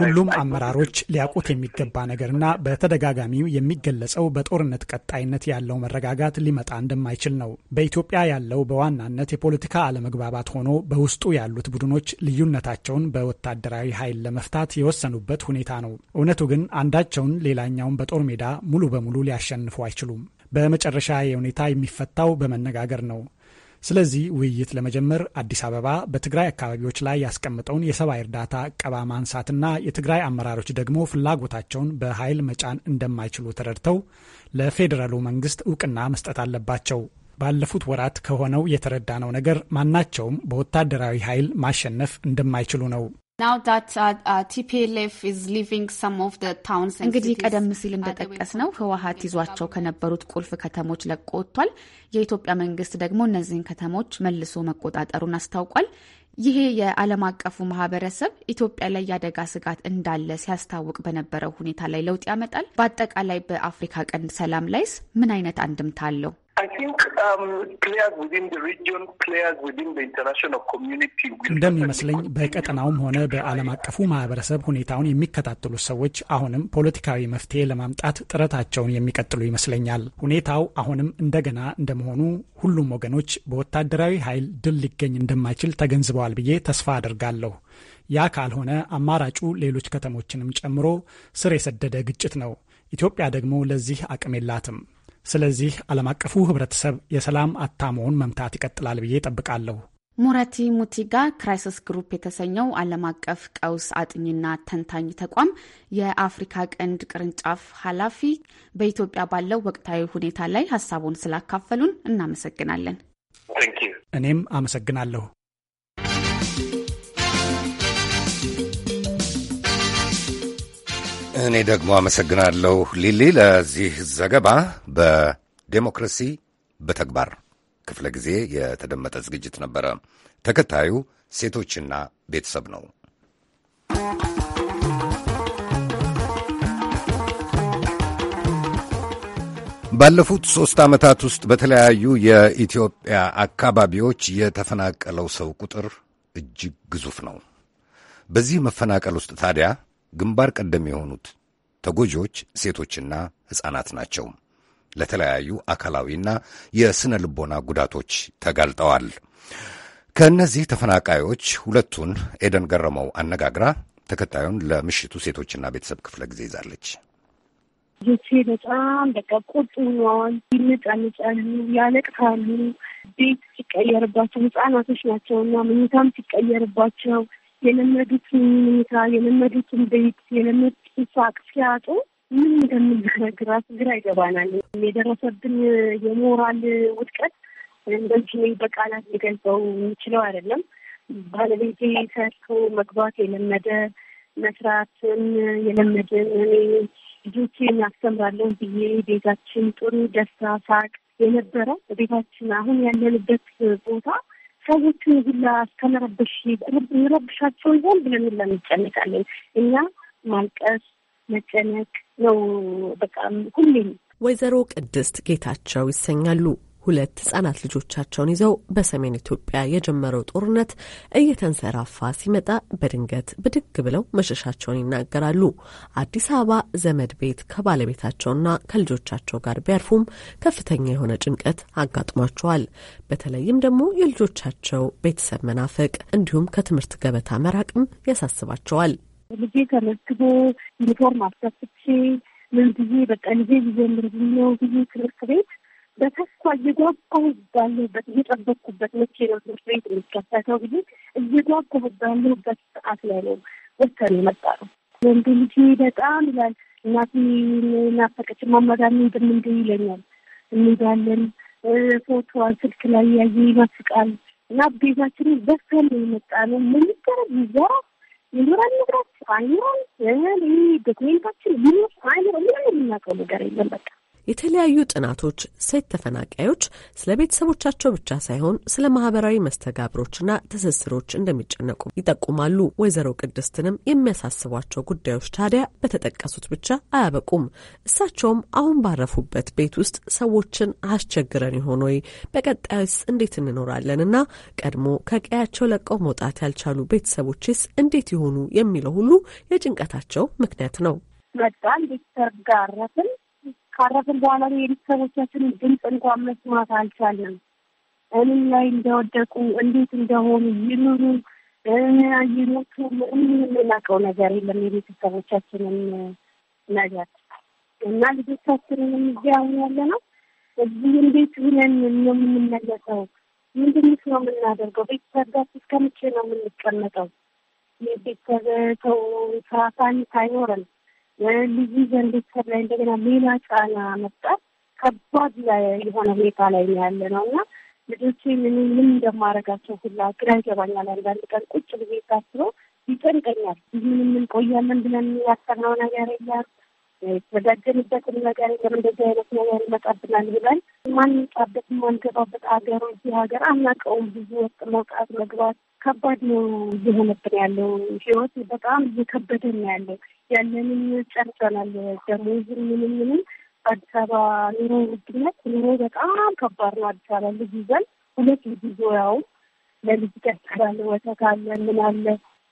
C: ሁሉም አመራሮች ሊያውቁት የሚገባ ነገርና በተደጋጋሚው የሚገለጸው በጦርነት ቀጣይነት ያለው መረጋጋት ሊመጣ እንደማይችል ነው። በኢትዮጵያ ያለው በዋናነት የፖለቲካ አለመግባባት ሆኖ በውስጡ ያሉት ቡድኖች ልዩነታቸውን በወታደራዊ ኃይል ለመፍታት የወሰኑበት ሁኔታ ነው። እውነቱ ግን አንዳቸውን ሌላኛውን በጦር ሜዳ ሙሉ በሙሉ ሊያሸንፉ አይችሉም። በመጨረሻ የሁኔታ የሚፈታው በመነጋገር ነው። ስለዚህ ውይይት ለመጀመር አዲስ አበባ በትግራይ አካባቢዎች ላይ ያስቀምጠውን የሰብአዊ እርዳታ ቀባ ማንሳትና የትግራይ አመራሮች ደግሞ ፍላጎታቸውን በኃይል መጫን እንደማይችሉ ተረድተው ለፌዴራሉ መንግስት እውቅና መስጠት አለባቸው። ባለፉት ወራት ከሆነው የተረዳነው ነገር ማናቸውም በወታደራዊ ኃይል ማሸነፍ እንደማይችሉ ነው።
J: Uh, uh, እንግዲህ ቀደም ሲል እንደጠቀስ ነው ህወሀት ይዟቸው ከነበሩት ቁልፍ ከተሞች ለቆ ወጥቷል። የኢትዮጵያ መንግስት ደግሞ እነዚህን ከተሞች መልሶ መቆጣጠሩን አስታውቋል። ይሄ የዓለም አቀፉ ማህበረሰብ ኢትዮጵያ ላይ የአደጋ ስጋት እንዳለ ሲያስታውቅ በነበረው ሁኔታ ላይ ለውጥ ያመጣል። በአጠቃላይ በአፍሪካ ቀንድ ሰላም ላይስ ምን አይነት አንድምታ አለው?
B: Um,
C: እንደሚመስለኝ በቀጠናውም ሆነ በዓለም አቀፉ ማህበረሰብ ሁኔታውን የሚከታተሉት ሰዎች አሁንም ፖለቲካዊ መፍትሄ ለማምጣት ጥረታቸውን የሚቀጥሉ ይመስለኛል። ሁኔታው አሁንም እንደገና እንደመሆኑ ሁሉም ወገኖች በወታደራዊ ኃይል ድል ሊገኝ እንደማይችል ተገንዝበዋል ብዬ ተስፋ አድርጋለሁ። ያ ካልሆነ አማራጩ ሌሎች ከተሞችንም ጨምሮ ስር የሰደደ ግጭት ነው። ኢትዮጵያ ደግሞ ለዚህ አቅም የላትም። ስለዚህ ዓለም አቀፉ ህብረተሰብ የሰላም አታሞውን መምታት ይቀጥላል ብዬ ጠብቃለሁ።
J: ሙረቲ ሙቲጋ ክራይሲስ ግሩፕ የተሰኘው ዓለም አቀፍ ቀውስ አጥኚና ተንታኝ ተቋም የአፍሪካ ቀንድ ቅርንጫፍ ኃላፊ፣ በኢትዮጵያ ባለው ወቅታዊ ሁኔታ ላይ ሀሳቡን ስላካፈሉን እናመሰግናለን።
A: እኔም
C: አመሰግናለሁ።
A: እኔ ደግሞ አመሰግናለሁ ሊሊ ለዚህ ዘገባ። በዴሞክራሲ በተግባር ክፍለ ጊዜ የተደመጠ ዝግጅት ነበረ። ተከታዩ ሴቶችና ቤተሰብ ነው። ባለፉት ሦስት ዓመታት ውስጥ በተለያዩ የኢትዮጵያ አካባቢዎች የተፈናቀለው ሰው ቁጥር እጅግ ግዙፍ ነው። በዚህ መፈናቀል ውስጥ ታዲያ ግንባር ቀደም የሆኑት ተጎጂዎች ሴቶችና ሕፃናት ናቸው። ለተለያዩ አካላዊና የሥነ ልቦና ጉዳቶች ተጋልጠዋል። ከእነዚህ ተፈናቃዮች ሁለቱን ኤደን ገረመው አነጋግራ ተከታዩን ለምሽቱ ሴቶችና ቤተሰብ ክፍለ ጊዜ ይዛለች።
L: ልጆቼ በጣም በቃ ቁጡ ነዋል። ይነጫነጫሉ፣ ያለቅታሉ። ቤት ሲቀየርባቸው ህጻናቶች ናቸው እና መኝታም ሲቀየርባቸው የለመዱትን መኝታ የለመዱትን ቤት የለመዱት ኢምፓክት ሲያጡ ምን እንደምናደርግ ራሱ ግራ ይገባናል። የደረሰብን የሞራል ውድቀት እንደዚህ በቃላት ሊገልጸው የሚችለው አይደለም። ባለቤቴ ሰርቶ መግባት የለመደ መስራትን የለመድን እኔ ልጆቼን አስተምራለሁ ብዬ ቤታችን ጥሩ ደስታ፣ ሳቅ የነበረ ቤታችን አሁን ያለንበት ቦታ ሰዎችን ሁላ እስከመረበሽ ረብሻቸው ይሆን ብለን ሁላ እንጨነቃለን እኛ ማልቀስ፣ መጨነቅ ነው። በጣም ሁሌም ወይዘሮ
M: ቅድስት ጌታቸው ይሰኛሉ። ሁለት ህጻናት ልጆቻቸውን ይዘው በሰሜን ኢትዮጵያ የጀመረው ጦርነት እየተንሰራፋ ሲመጣ በድንገት ብድግ ብለው መሸሻቸውን ይናገራሉ። አዲስ አበባ ዘመድ ቤት ከባለቤታቸውና ከልጆቻቸው ጋር ቢያርፉም ከፍተኛ የሆነ ጭንቀት አጋጥሟቸዋል። በተለይም ደግሞ የልጆቻቸው ቤተሰብ መናፈቅ እንዲሁም ከትምህርት ገበታ መራቅም ያሳስባቸዋል።
L: ልጄ ተመዝግቦ ዩኒፎርም አስከፍቼ ምን ብዬ በቃ ልጄ ጊዜ ብዬው ብዬ ትምህርት ቤት በተስፋ እየጓጓሁ ባለሁበት እየጠበቅኩበት መቼ ነው ትምህርት ቤት የሚከፈተው ብዬ እየጓጓሁ ባለሁበት ሰዓት ላይ ነው ወሰን የመጣ ነው። ወንዱ ልጄ በጣም ይላል እናቴ ናፈቀች ማመዳን ድም እንደ ይለኛል እንሄዳለን። ፎቶዋን ስልክ ላይ ያየ ይመስቃል እና ቤታችንን በሰል የመጣ ነው ምንጠረ ይዛ ይኖራል መብራት አይኖራል፣ ይህ ዶክሜንታችን ሊኖር አይኖር ምንም የምናውቀው ነገር የለም። በቃ
M: የተለያዩ ጥናቶች ሴት ተፈናቃዮች ስለ ቤተሰቦቻቸው ብቻ ሳይሆን ስለ ማህበራዊ መስተጋብሮችና ትስስሮች እንደሚጨነቁ ይጠቁማሉ። ወይዘሮ ቅድስትንም የሚያሳስቧቸው ጉዳዮች ታዲያ በተጠቀሱት ብቻ አያበቁም። እሳቸውም አሁን ባረፉበት ቤት ውስጥ ሰዎችን አስቸግረን ይሆን ወይ፣ በቀጣዩስ እንዴት እንኖራለን እና ቀድሞ ከቀያቸው ለቀው መውጣት ያልቻሉ ቤተሰቦችስ እንዴት ይሆኑ የሚለው ሁሉ የጭንቀታቸው ምክንያት ነው።
L: መጣን ቤተሰብ ጋር ካረፍን በኋላ የቤተሰቦቻችንን ድምፅ እንኳን መስማት አልቻለም። እኔም ላይ እንደወደቁ እንዴት እንደሆኑ ይኑሩ ይሞቱ የምናውቀው ነገር የለም። የቤተሰቦቻችንን ነገር እና ልጆቻችንን እዚያሁን ያለ ነው እዚህ እንዴት ሁነን ነው የምንመለሰው? ምንድንስ ነው የምናደርገው? ቤተሰብ ጋር እስከ መቼ ነው የምንቀመጠው? የቤተሰብ ሰው ሳይኖረን ልዩ ዘንዶተር ላይ እንደገና ሌላ ጫና መፍጣት ከባድ የሆነ ሁኔታ ላይ ነው ያለ ነው እና ልጆቼ ምን ምን እንደማደርጋቸው ሁላ ግራ ይገባኛል። አንዳንድ ቀን ቁጭ ብዬ ሳስበው ይጨንቀኛል። ይህን እንቆያለን ብለን ያሰብነው ነገር የለም የተጋገንበትን ነገር ለምን እንደዚህ አይነት ነገር ይመጣብናል ብለን ማንጣበት ማንገባበት አገር እዚህ ሀገር አናውቀውም። ብዙ ወጥ መውጣት መግባት ከባድ ነው እየሆነብን ያለው ህይወት በጣም እየከበደን ነው ያለው ያለንን ጨርሰናል። ደሞዝ ምንም ምንም አዲስ አበባ ኑሮ ውድነት ኑሮ በጣም ከባድ ነው። አዲስ አበባ ልጅ ይዘን ሁለት ልጅ ይዞ ለልጅ ቀጥራለ ወተካለ አለ ምን አለ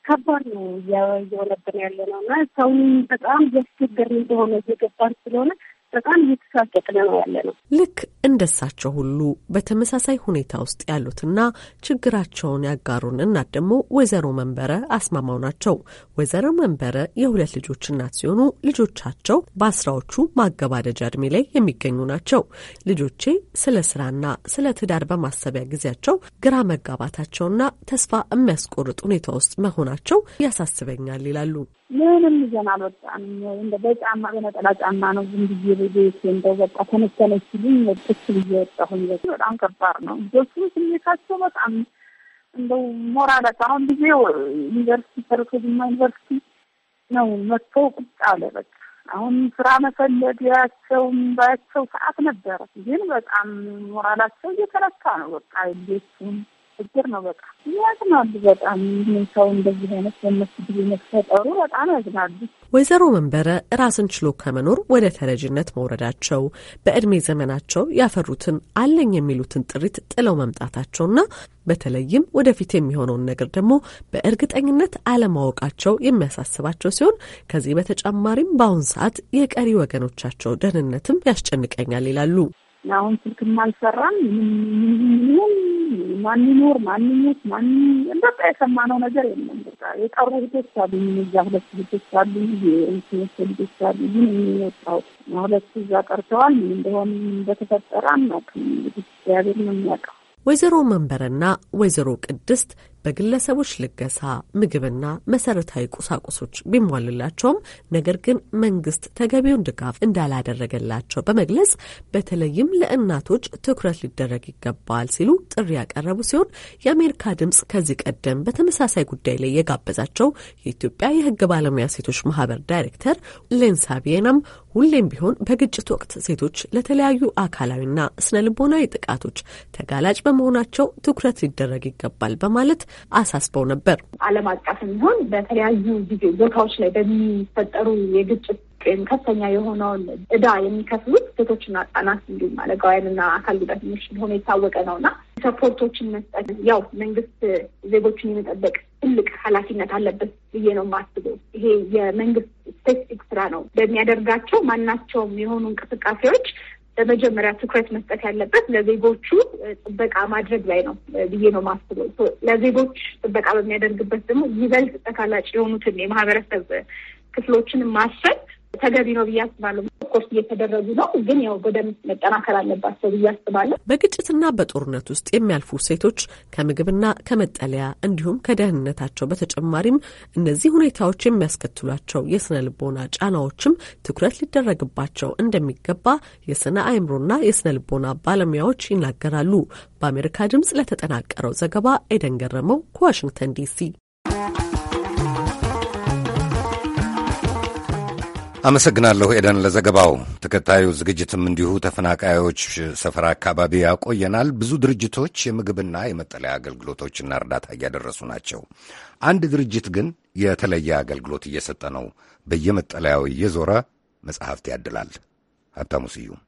L: ከባድ ነው እየሆነብን ያለ ነው እና ሰውን በጣም እያስቸገርን እንደሆነ እየገባን ስለሆነ በጣም እየተሳቀቅን ነው ያለ ነው። ልክ
M: እንደሳቸው ሁሉ በተመሳሳይ ሁኔታ ውስጥ ያሉትና ችግራቸውን ያጋሩን እናት ደግሞ ወይዘሮ መንበረ አስማማው ናቸው። ወይዘሮ መንበረ የሁለት ልጆች እናት ሲሆኑ ልጆቻቸው በአስራዎቹ ማገባደጃ እድሜ ላይ የሚገኙ ናቸው። ልጆቼ ስለ ስራና ስለ ትዳር በማሰቢያ ጊዜያቸው ግራ መጋባታቸውና ተስፋ የሚያስቆርጥ ሁኔታ ውስጥ መሆናቸው ያሳስበኛል ይላሉ።
L: ምንም ይዘን አልወጣንም። በጫማ በነጠላ ጫማ ነው ዝም ብዬ እንደው በቃ ተነስተነች ትክክል እየወጣሁኝ በጣም ከባድ ነው። ልጆቹ ስሜታቸው በጣም እንደው ሞራለቅ አሁን ጊዜው ዩኒቨርሲቲ ተርቶ ጅማ ዩኒቨርሲቲ ነው መጥቶ ቁጭ አለ። በቃ አሁን ስራ መፈለግ ያቸውም ባያቸው ሰዓት ነበረ፣ ግን በጣም ሞራላቸው እየተረካ ነው። በቃ ልጆቹም ችግር ነው። በቃ ያዝናሉ። በጣም ሰው እንደዚህ አይነት በነሱ ጊዜ መፈጠሩ በጣም ያዝናሉ።
M: ወይዘሮ መንበረ ራስን ችሎ ከመኖር ወደ ተረጅነት መውረዳቸው በእድሜ ዘመናቸው ያፈሩትን አለኝ የሚሉትን ጥሪት ጥለው መምጣታቸውና በተለይም ወደፊት የሚሆነውን ነገር ደግሞ በእርግጠኝነት አለማወቃቸው የሚያሳስባቸው ሲሆን ከዚህ በተጨማሪም በአሁን ሰዓት የቀሪ ወገኖቻቸው ደህንነትም ያስጨንቀኛል ይላሉ።
L: አሁን ስልክም አልሰራም። ምንም ማን ይኖር ማን ይሞት ማን በቃ የሰማነው ነገር የለም። በቃ የቀሩ ልጆች አሉ፣ እዛ ሁለት ልጆች አሉ፣ ሁለት ልጆች አሉ። ግን የሚወጣው ሁለቱ እዛ ቀርተዋል። ምን እንደሆን እንደተፈጠረ አናውቅም። እንግዲህ እግዚአብሔር ነው የሚያውቀው።
M: ወይዘሮ መንበረና ወይዘሮ ቅድስት በግለሰቦች ልገሳ ምግብና መሰረታዊ ቁሳቁሶች ቢሟልላቸውም ነገር ግን መንግስት ተገቢውን ድጋፍ እንዳላደረገላቸው በመግለጽ በተለይም ለእናቶች ትኩረት ሊደረግ ይገባል ሲሉ ጥሪ ያቀረቡ ሲሆን የአሜሪካ ድምጽ ከዚህ ቀደም በተመሳሳይ ጉዳይ ላይ የጋበዛቸው የኢትዮጵያ የህግ ባለሙያ ሴቶች ማህበር ዳይሬክተር ሌንሳ ቢየናም ሁሌም ቢሆን በግጭት ወቅት ሴቶች ለተለያዩ አካላዊና ስነ ልቦናዊ ጥቃቶች ተጋላጭ በመሆናቸው ትኩረት ሊደረግ ይገባል በማለት አሳስበው ነበር።
L: ዓለም አቀፍ የሚሆን በተለያዩ ጊዜ ቦታዎች ላይ በሚፈጠሩ የግጭት ወይም ከፍተኛ የሆነውን እዳ የሚከፍሉት ሴቶችና ህጻናት እንዲሁም አረጋውያንና አካል ጉዳተኞች እንደሆነ የታወቀ ነውና ሰፖርቶችን መስጠት ያው መንግስት ዜጎችን የመጠበቅ ትልቅ ኃላፊነት አለበት ብዬ ነው የማስበው። ይሄ የመንግስት ስፔሲፊክ ስራ ነው። በሚያደርጋቸው ማናቸውም የሆኑ እንቅስቃሴዎች በመጀመሪያ ትኩረት መስጠት ያለበት ለዜጎቹ ጥበቃ ማድረግ ላይ ነው ብዬ ነው ማስበው። ለዜጎች ጥበቃ በሚያደርግበት ደግሞ ይበልጥ ተጋላጭ የሆኑትን የማህበረሰብ ክፍሎችን ማሰብ ተገቢ ነው ብዬ አስባለሁ። ኮርስ እየተደረጉ ነው፣ ግን ያው በደንብ መጠናከር አለባቸው ብዬ አስባለሁ። በግጭትና
M: በጦርነት ውስጥ የሚያልፉ ሴቶች ከምግብና ከመጠለያ እንዲሁም ከደህንነታቸው በተጨማሪም እነዚህ ሁኔታዎች የሚያስከትሏቸው የስነ ልቦና ጫናዎችም ትኩረት ሊደረግባቸው እንደሚገባ የስነ አእምሮና የስነ ልቦና ባለሙያዎች ይናገራሉ። በአሜሪካ ድምጽ ለተጠናቀረው ዘገባ ኤደን ገረመው ከዋሽንግተን ዲሲ
A: አመሰግናለሁ ኤደን ለዘገባው። ተከታዩ ዝግጅትም እንዲሁ ተፈናቃዮች ሰፈራ አካባቢ ያቆየናል። ብዙ ድርጅቶች የምግብና የመጠለያ አገልግሎቶችና እርዳታ እያደረሱ ናቸው። አንድ ድርጅት ግን የተለየ አገልግሎት እየሰጠ ነው። በየመጠለያው እየዞረ መጽሐፍት
E: ያድላል። ሀብታሙ ስዩም።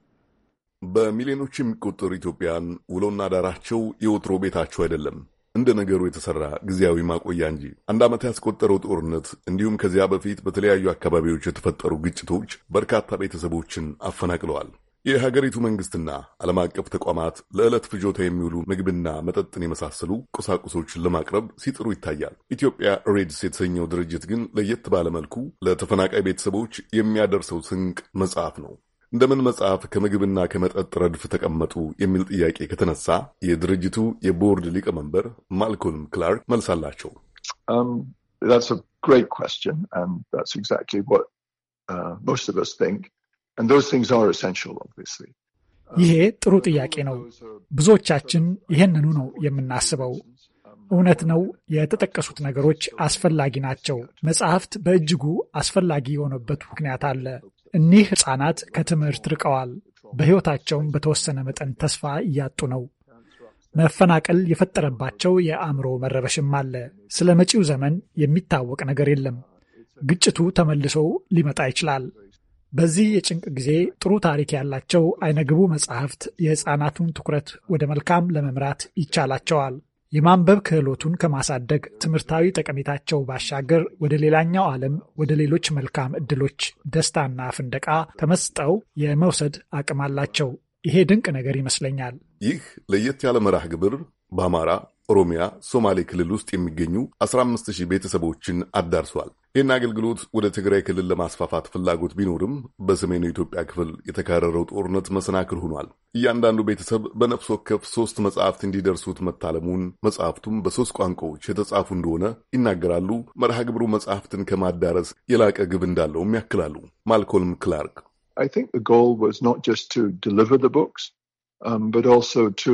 E: በሚሊዮኖች የሚቆጠሩ ኢትዮጵያን ውሎና ዳራቸው የወትሮ ቤታቸው አይደለም። እንደ ነገሩ የተሰራ ጊዜያዊ ማቆያ እንጂ። አንድ ዓመት ያስቆጠረው ጦርነት እንዲሁም ከዚያ በፊት በተለያዩ አካባቢዎች የተፈጠሩ ግጭቶች በርካታ ቤተሰቦችን አፈናቅለዋል። የሀገሪቱ መንግስትና ዓለም አቀፍ ተቋማት ለዕለት ፍጆታ የሚውሉ ምግብና መጠጥን የመሳሰሉ ቁሳቁሶችን ለማቅረብ ሲጥሩ ይታያል። ኢትዮጵያ ሬድስ የተሰኘው ድርጅት ግን ለየት ባለ መልኩ ለተፈናቃይ ቤተሰቦች የሚያደርሰው ስንቅ መጽሐፍ ነው። እንደምን መጽሐፍ ከምግብና ከመጠጥ ረድፍ ተቀመጡ የሚል ጥያቄ ከተነሳ የድርጅቱ የቦርድ ሊቀመንበር ማልኮልም ክላርክ መልሳላቸው። um, uh,
C: ይሄ ጥሩ ጥያቄ ነው። ብዙዎቻችን ይህንኑ ነው የምናስበው። እውነት ነው። የተጠቀሱት ነገሮች አስፈላጊ ናቸው። መጽሐፍት በእጅጉ አስፈላጊ የሆነበት ምክንያት አለ። እኒህ ሕፃናት ከትምህርት ርቀዋል። በሕይወታቸውም በተወሰነ መጠን ተስፋ እያጡ ነው። መፈናቀል የፈጠረባቸው የአእምሮ መረበሽም አለ። ስለ መጪው ዘመን የሚታወቅ ነገር የለም። ግጭቱ ተመልሶ ሊመጣ ይችላል። በዚህ የጭንቅ ጊዜ ጥሩ ታሪክ ያላቸው አይነግቡ መጻሕፍት የሕፃናቱን ትኩረት ወደ መልካም ለመምራት ይቻላቸዋል። የማንበብ ክህሎቱን ከማሳደግ ትምህርታዊ ጠቀሜታቸው ባሻገር ወደ ሌላኛው ዓለም ወደ ሌሎች መልካም ዕድሎች፣ ደስታና ፍንደቃ ተመስጠው የመውሰድ አቅም አላቸው። ይሄ ድንቅ ነገር ይመስለኛል።
E: ይህ ለየት ያለ መርሃ ግብር በአማራ ኦሮሚያ፣ ሶማሌ ክልል ውስጥ የሚገኙ 15000 ቤተሰቦችን አዳርሷል። ይህን አገልግሎት ወደ ትግራይ ክልል ለማስፋፋት ፍላጎት ቢኖርም በሰሜኑ የኢትዮጵያ ክፍል የተካረረው ጦርነት መሰናክል ሆኗል። እያንዳንዱ ቤተሰብ በነፍስ ወከፍ ሶስት መጽሐፍት እንዲደርሱት መታለሙን፣ መጽሐፍቱም በሶስት ቋንቋዎች የተጻፉ እንደሆነ ይናገራሉ። መርሃ ግብሩ መጽሐፍትን ከማዳረስ የላቀ ግብ እንዳለውም ያክላሉ። ማልኮልም ክላርክ I think the goal was not just to deliver the books, um, but also to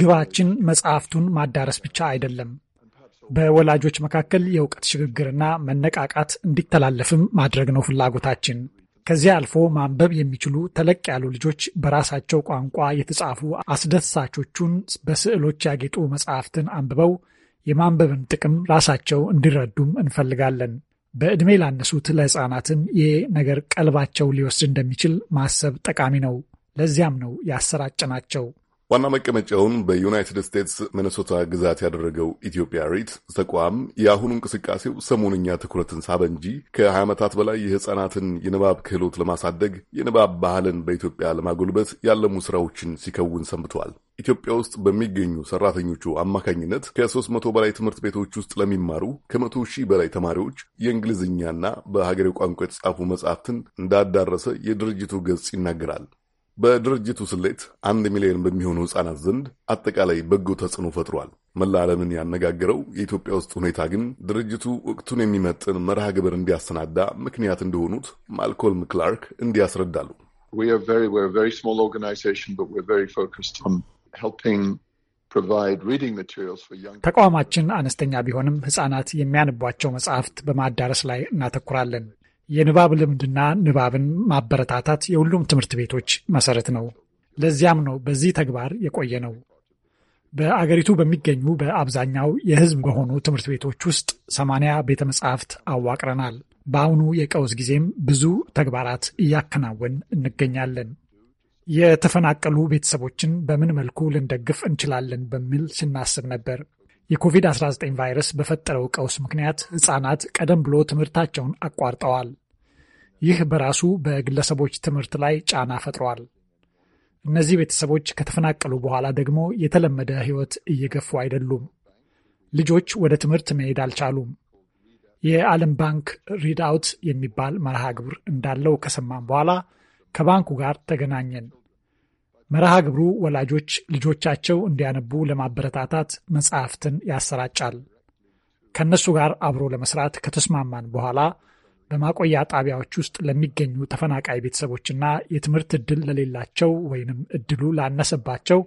C: ግባችን መጽሐፍቱን ማዳረስ ብቻ አይደለም፣ በወላጆች መካከል የእውቀት ሽግግርና መነቃቃት እንዲተላለፍም ማድረግ ነው ፍላጎታችን። ከዚያ አልፎ ማንበብ የሚችሉ ተለቅ ያሉ ልጆች በራሳቸው ቋንቋ የተጻፉ አስደሳቾቹን በስዕሎች ያጌጡ መጽሐፍትን አንብበው የማንበብን ጥቅም ራሳቸው እንዲረዱም እንፈልጋለን። በዕድሜ ላነሱት ለሕፃናትም ይህ ነገር ቀልባቸው ሊወስድ እንደሚችል ማሰብ ጠቃሚ ነው። ለዚያም ነው ያሰራጭናቸው።
E: ዋና መቀመጫውን በዩናይትድ ስቴትስ ሚነሶታ ግዛት ያደረገው ኢትዮጵያ ሪት ተቋም የአሁኑ እንቅስቃሴው ሰሞንኛ ትኩረትን ሳበ እንጂ ከ20 ዓመታት በላይ የሕፃናትን የንባብ ክህሎት ለማሳደግ የንባብ ባህልን በኢትዮጵያ ለማጎልበት ያለሙ ስራዎችን ሲከውን ሰንብቷል። ኢትዮጵያ ውስጥ በሚገኙ ሰራተኞቹ አማካኝነት ከ300 በላይ ትምህርት ቤቶች ውስጥ ለሚማሩ ከመቶ ሺህ በላይ ተማሪዎች የእንግሊዝኛና በሀገሬው ቋንቋ የተጻፉ መጽሐፍትን እንዳዳረሰ የድርጅቱ ገጽ ይናገራል። በድርጅቱ ስሌት አንድ ሚሊዮን በሚሆኑ ህጻናት ዘንድ አጠቃላይ በጎ ተጽዕኖ ፈጥሯል። መላ ዓለምን ያነጋገረው የኢትዮጵያ ውስጥ ሁኔታ ግን ድርጅቱ ወቅቱን የሚመጥን መርሃ ግብር እንዲያሰናዳ ምክንያት እንደሆኑት ማልኮልም ክላርክ እንዲያስረዳሉ። ተቋማችን አነስተኛ
C: ቢሆንም ህጻናት የሚያንቧቸው መጽሐፍት በማዳረስ ላይ እናተኩራለን። የንባብ ልምድና ንባብን ማበረታታት የሁሉም ትምህርት ቤቶች መሰረት ነው። ለዚያም ነው በዚህ ተግባር የቆየ ነው። በአገሪቱ በሚገኙ በአብዛኛው የህዝብ በሆኑ ትምህርት ቤቶች ውስጥ ሰማንያ ቤተ መጻሕፍት አዋቅረናል። በአሁኑ የቀውስ ጊዜም ብዙ ተግባራት እያከናወን እንገኛለን። የተፈናቀሉ ቤተሰቦችን በምን መልኩ ልንደግፍ እንችላለን በሚል ስናስብ ነበር። የኮቪድ-19 ቫይረስ በፈጠረው ቀውስ ምክንያት ሕፃናት ቀደም ብሎ ትምህርታቸውን አቋርጠዋል። ይህ በራሱ በግለሰቦች ትምህርት ላይ ጫና ፈጥሯል። እነዚህ ቤተሰቦች ከተፈናቀሉ በኋላ ደግሞ የተለመደ ሕይወት እየገፉ አይደሉም። ልጆች ወደ ትምህርት መሄድ አልቻሉም። የዓለም ባንክ ሪድ አውት የሚባል መርሃ ግብር እንዳለው ከሰማም በኋላ ከባንኩ ጋር ተገናኘን። መርሃ ግብሩ ወላጆች ልጆቻቸው እንዲያነቡ ለማበረታታት መጽሐፍትን ያሰራጫል። ከእነሱ ጋር አብሮ ለመስራት ከተስማማን በኋላ በማቆያ ጣቢያዎች ውስጥ ለሚገኙ ተፈናቃይ ቤተሰቦችና የትምህርት ዕድል ለሌላቸው ወይንም ዕድሉ ላነሰባቸው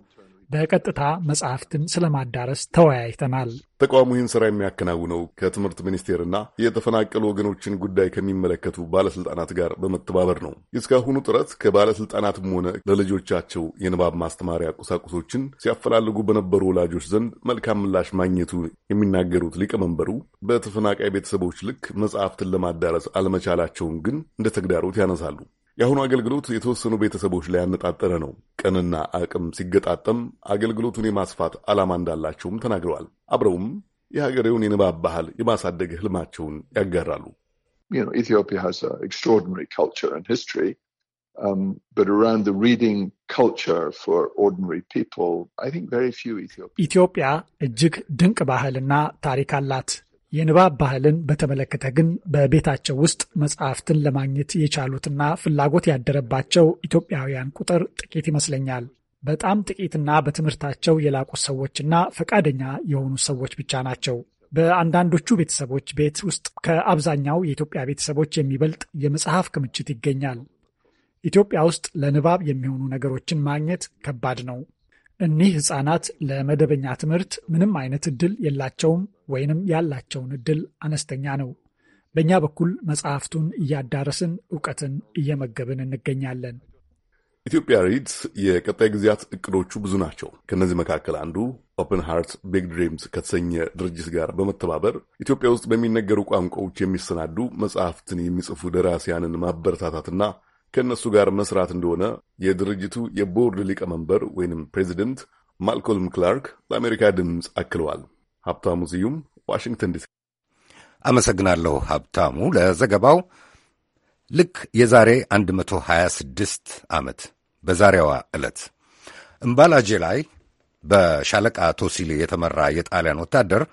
C: በቀጥታ መጽሐፍትን ስለማዳረስ ተወያይተናል።
E: ተቋሙ ይህን ስራ የሚያከናውነው ከትምህርት ሚኒስቴርና የተፈናቀሉ ወገኖችን ጉዳይ ከሚመለከቱ ባለስልጣናት ጋር በመተባበር ነው። እስካሁኑ ጥረት ከባለስልጣናትም ሆነ ለልጆቻቸው የንባብ ማስተማሪያ ቁሳቁሶችን ሲያፈላልጉ በነበሩ ወላጆች ዘንድ መልካም ምላሽ ማግኘቱ የሚናገሩት ሊቀመንበሩ በተፈናቃይ ቤተሰቦች ልክ መጽሐፍትን ለማዳረስ አለመቻላቸውን ግን እንደ ተግዳሮት ያነሳሉ። የአሁኑ አገልግሎት የተወሰኑ ቤተሰቦች ላይ ያነጣጠረ ነው። ቀንና አቅም ሲገጣጠም አገልግሎቱን የማስፋት ዓላማ እንዳላቸውም ተናግረዋል። አብረውም የሀገሬውን የንባብ ባህል የማሳደግ ህልማቸውን ያጋራሉ። ኢትዮጵያ
C: ኢትዮጵያ እጅግ ድንቅ ባህልና ታሪክ አላት። የንባብ ባህልን በተመለከተ ግን በቤታቸው ውስጥ መጽሐፍትን ለማግኘት የቻሉትና ፍላጎት ያደረባቸው ኢትዮጵያውያን ቁጥር ጥቂት ይመስለኛል። በጣም ጥቂትና በትምህርታቸው የላቁ ሰዎችና ፈቃደኛ የሆኑ ሰዎች ብቻ ናቸው። በአንዳንዶቹ ቤተሰቦች ቤት ውስጥ ከአብዛኛው የኢትዮጵያ ቤተሰቦች የሚበልጥ የመጽሐፍ ክምችት ይገኛል። ኢትዮጵያ ውስጥ ለንባብ የሚሆኑ ነገሮችን ማግኘት ከባድ ነው። እኒህ ህፃናት ለመደበኛ ትምህርት ምንም አይነት እድል የላቸውም ወይንም ያላቸውን እድል አነስተኛ ነው። በእኛ በኩል መጽሐፍቱን እያዳረስን እውቀትን እየመገብን እንገኛለን።
E: ኢትዮጵያ ሪድስ የቀጣይ ጊዜያት እቅዶቹ ብዙ ናቸው። ከእነዚህ መካከል አንዱ ኦፕን ሃርት ቢግ ድሪምስ ከተሰኘ ድርጅት ጋር በመተባበር ኢትዮጵያ ውስጥ በሚነገሩ ቋንቋዎች የሚሰናዱ መጽሐፍትን የሚጽፉ ደራሲያንን ማበረታታትና ከእነሱ ጋር መስራት እንደሆነ የድርጅቱ የቦርድ ሊቀመንበር ወይም ፕሬዚደንት ማልኮልም ክላርክ ለአሜሪካ ድምፅ አክለዋል። ሀብታሙ ስዩም ዋሽንግተን ዲሲ። አመሰግናለሁ ሀብታሙ ለዘገባው። ልክ
A: የዛሬ 126 ዓመት በዛሬዋ ዕለት እምባላጄ ላይ በሻለቃ ቶሲሊ የተመራ የጣሊያን ወታደር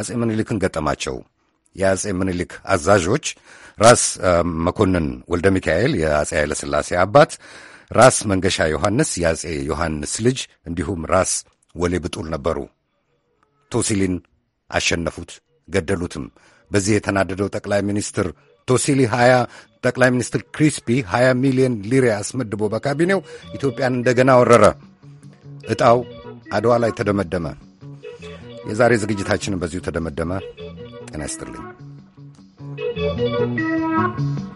A: አጼ ምኒልክን ገጠማቸው። የአጼ ምኒልክ አዛዦች ራስ መኮንን ወልደ ሚካኤል የአጼ ኃይለሥላሴ አባት፣ ራስ መንገሻ ዮሐንስ የአጼ ዮሐንስ ልጅ እንዲሁም ራስ ወሌ ብጡል ነበሩ። ቶሲሊን አሸነፉት፣ ገደሉትም። በዚህ የተናደደው ጠቅላይ ሚኒስትር ቶሲሊ ሀያ ጠቅላይ ሚኒስትር ክሪስፒ 20 ሚሊዮን ሊሬ አስመድቦ በካቢኔው ኢትዮጵያን እንደገና ወረረ። ዕጣው አድዋ ላይ ተደመደመ። የዛሬ ዝግጅታችንን በዚሁ ተደመደመ። ጤና ይስጥልኝ።
K: なら。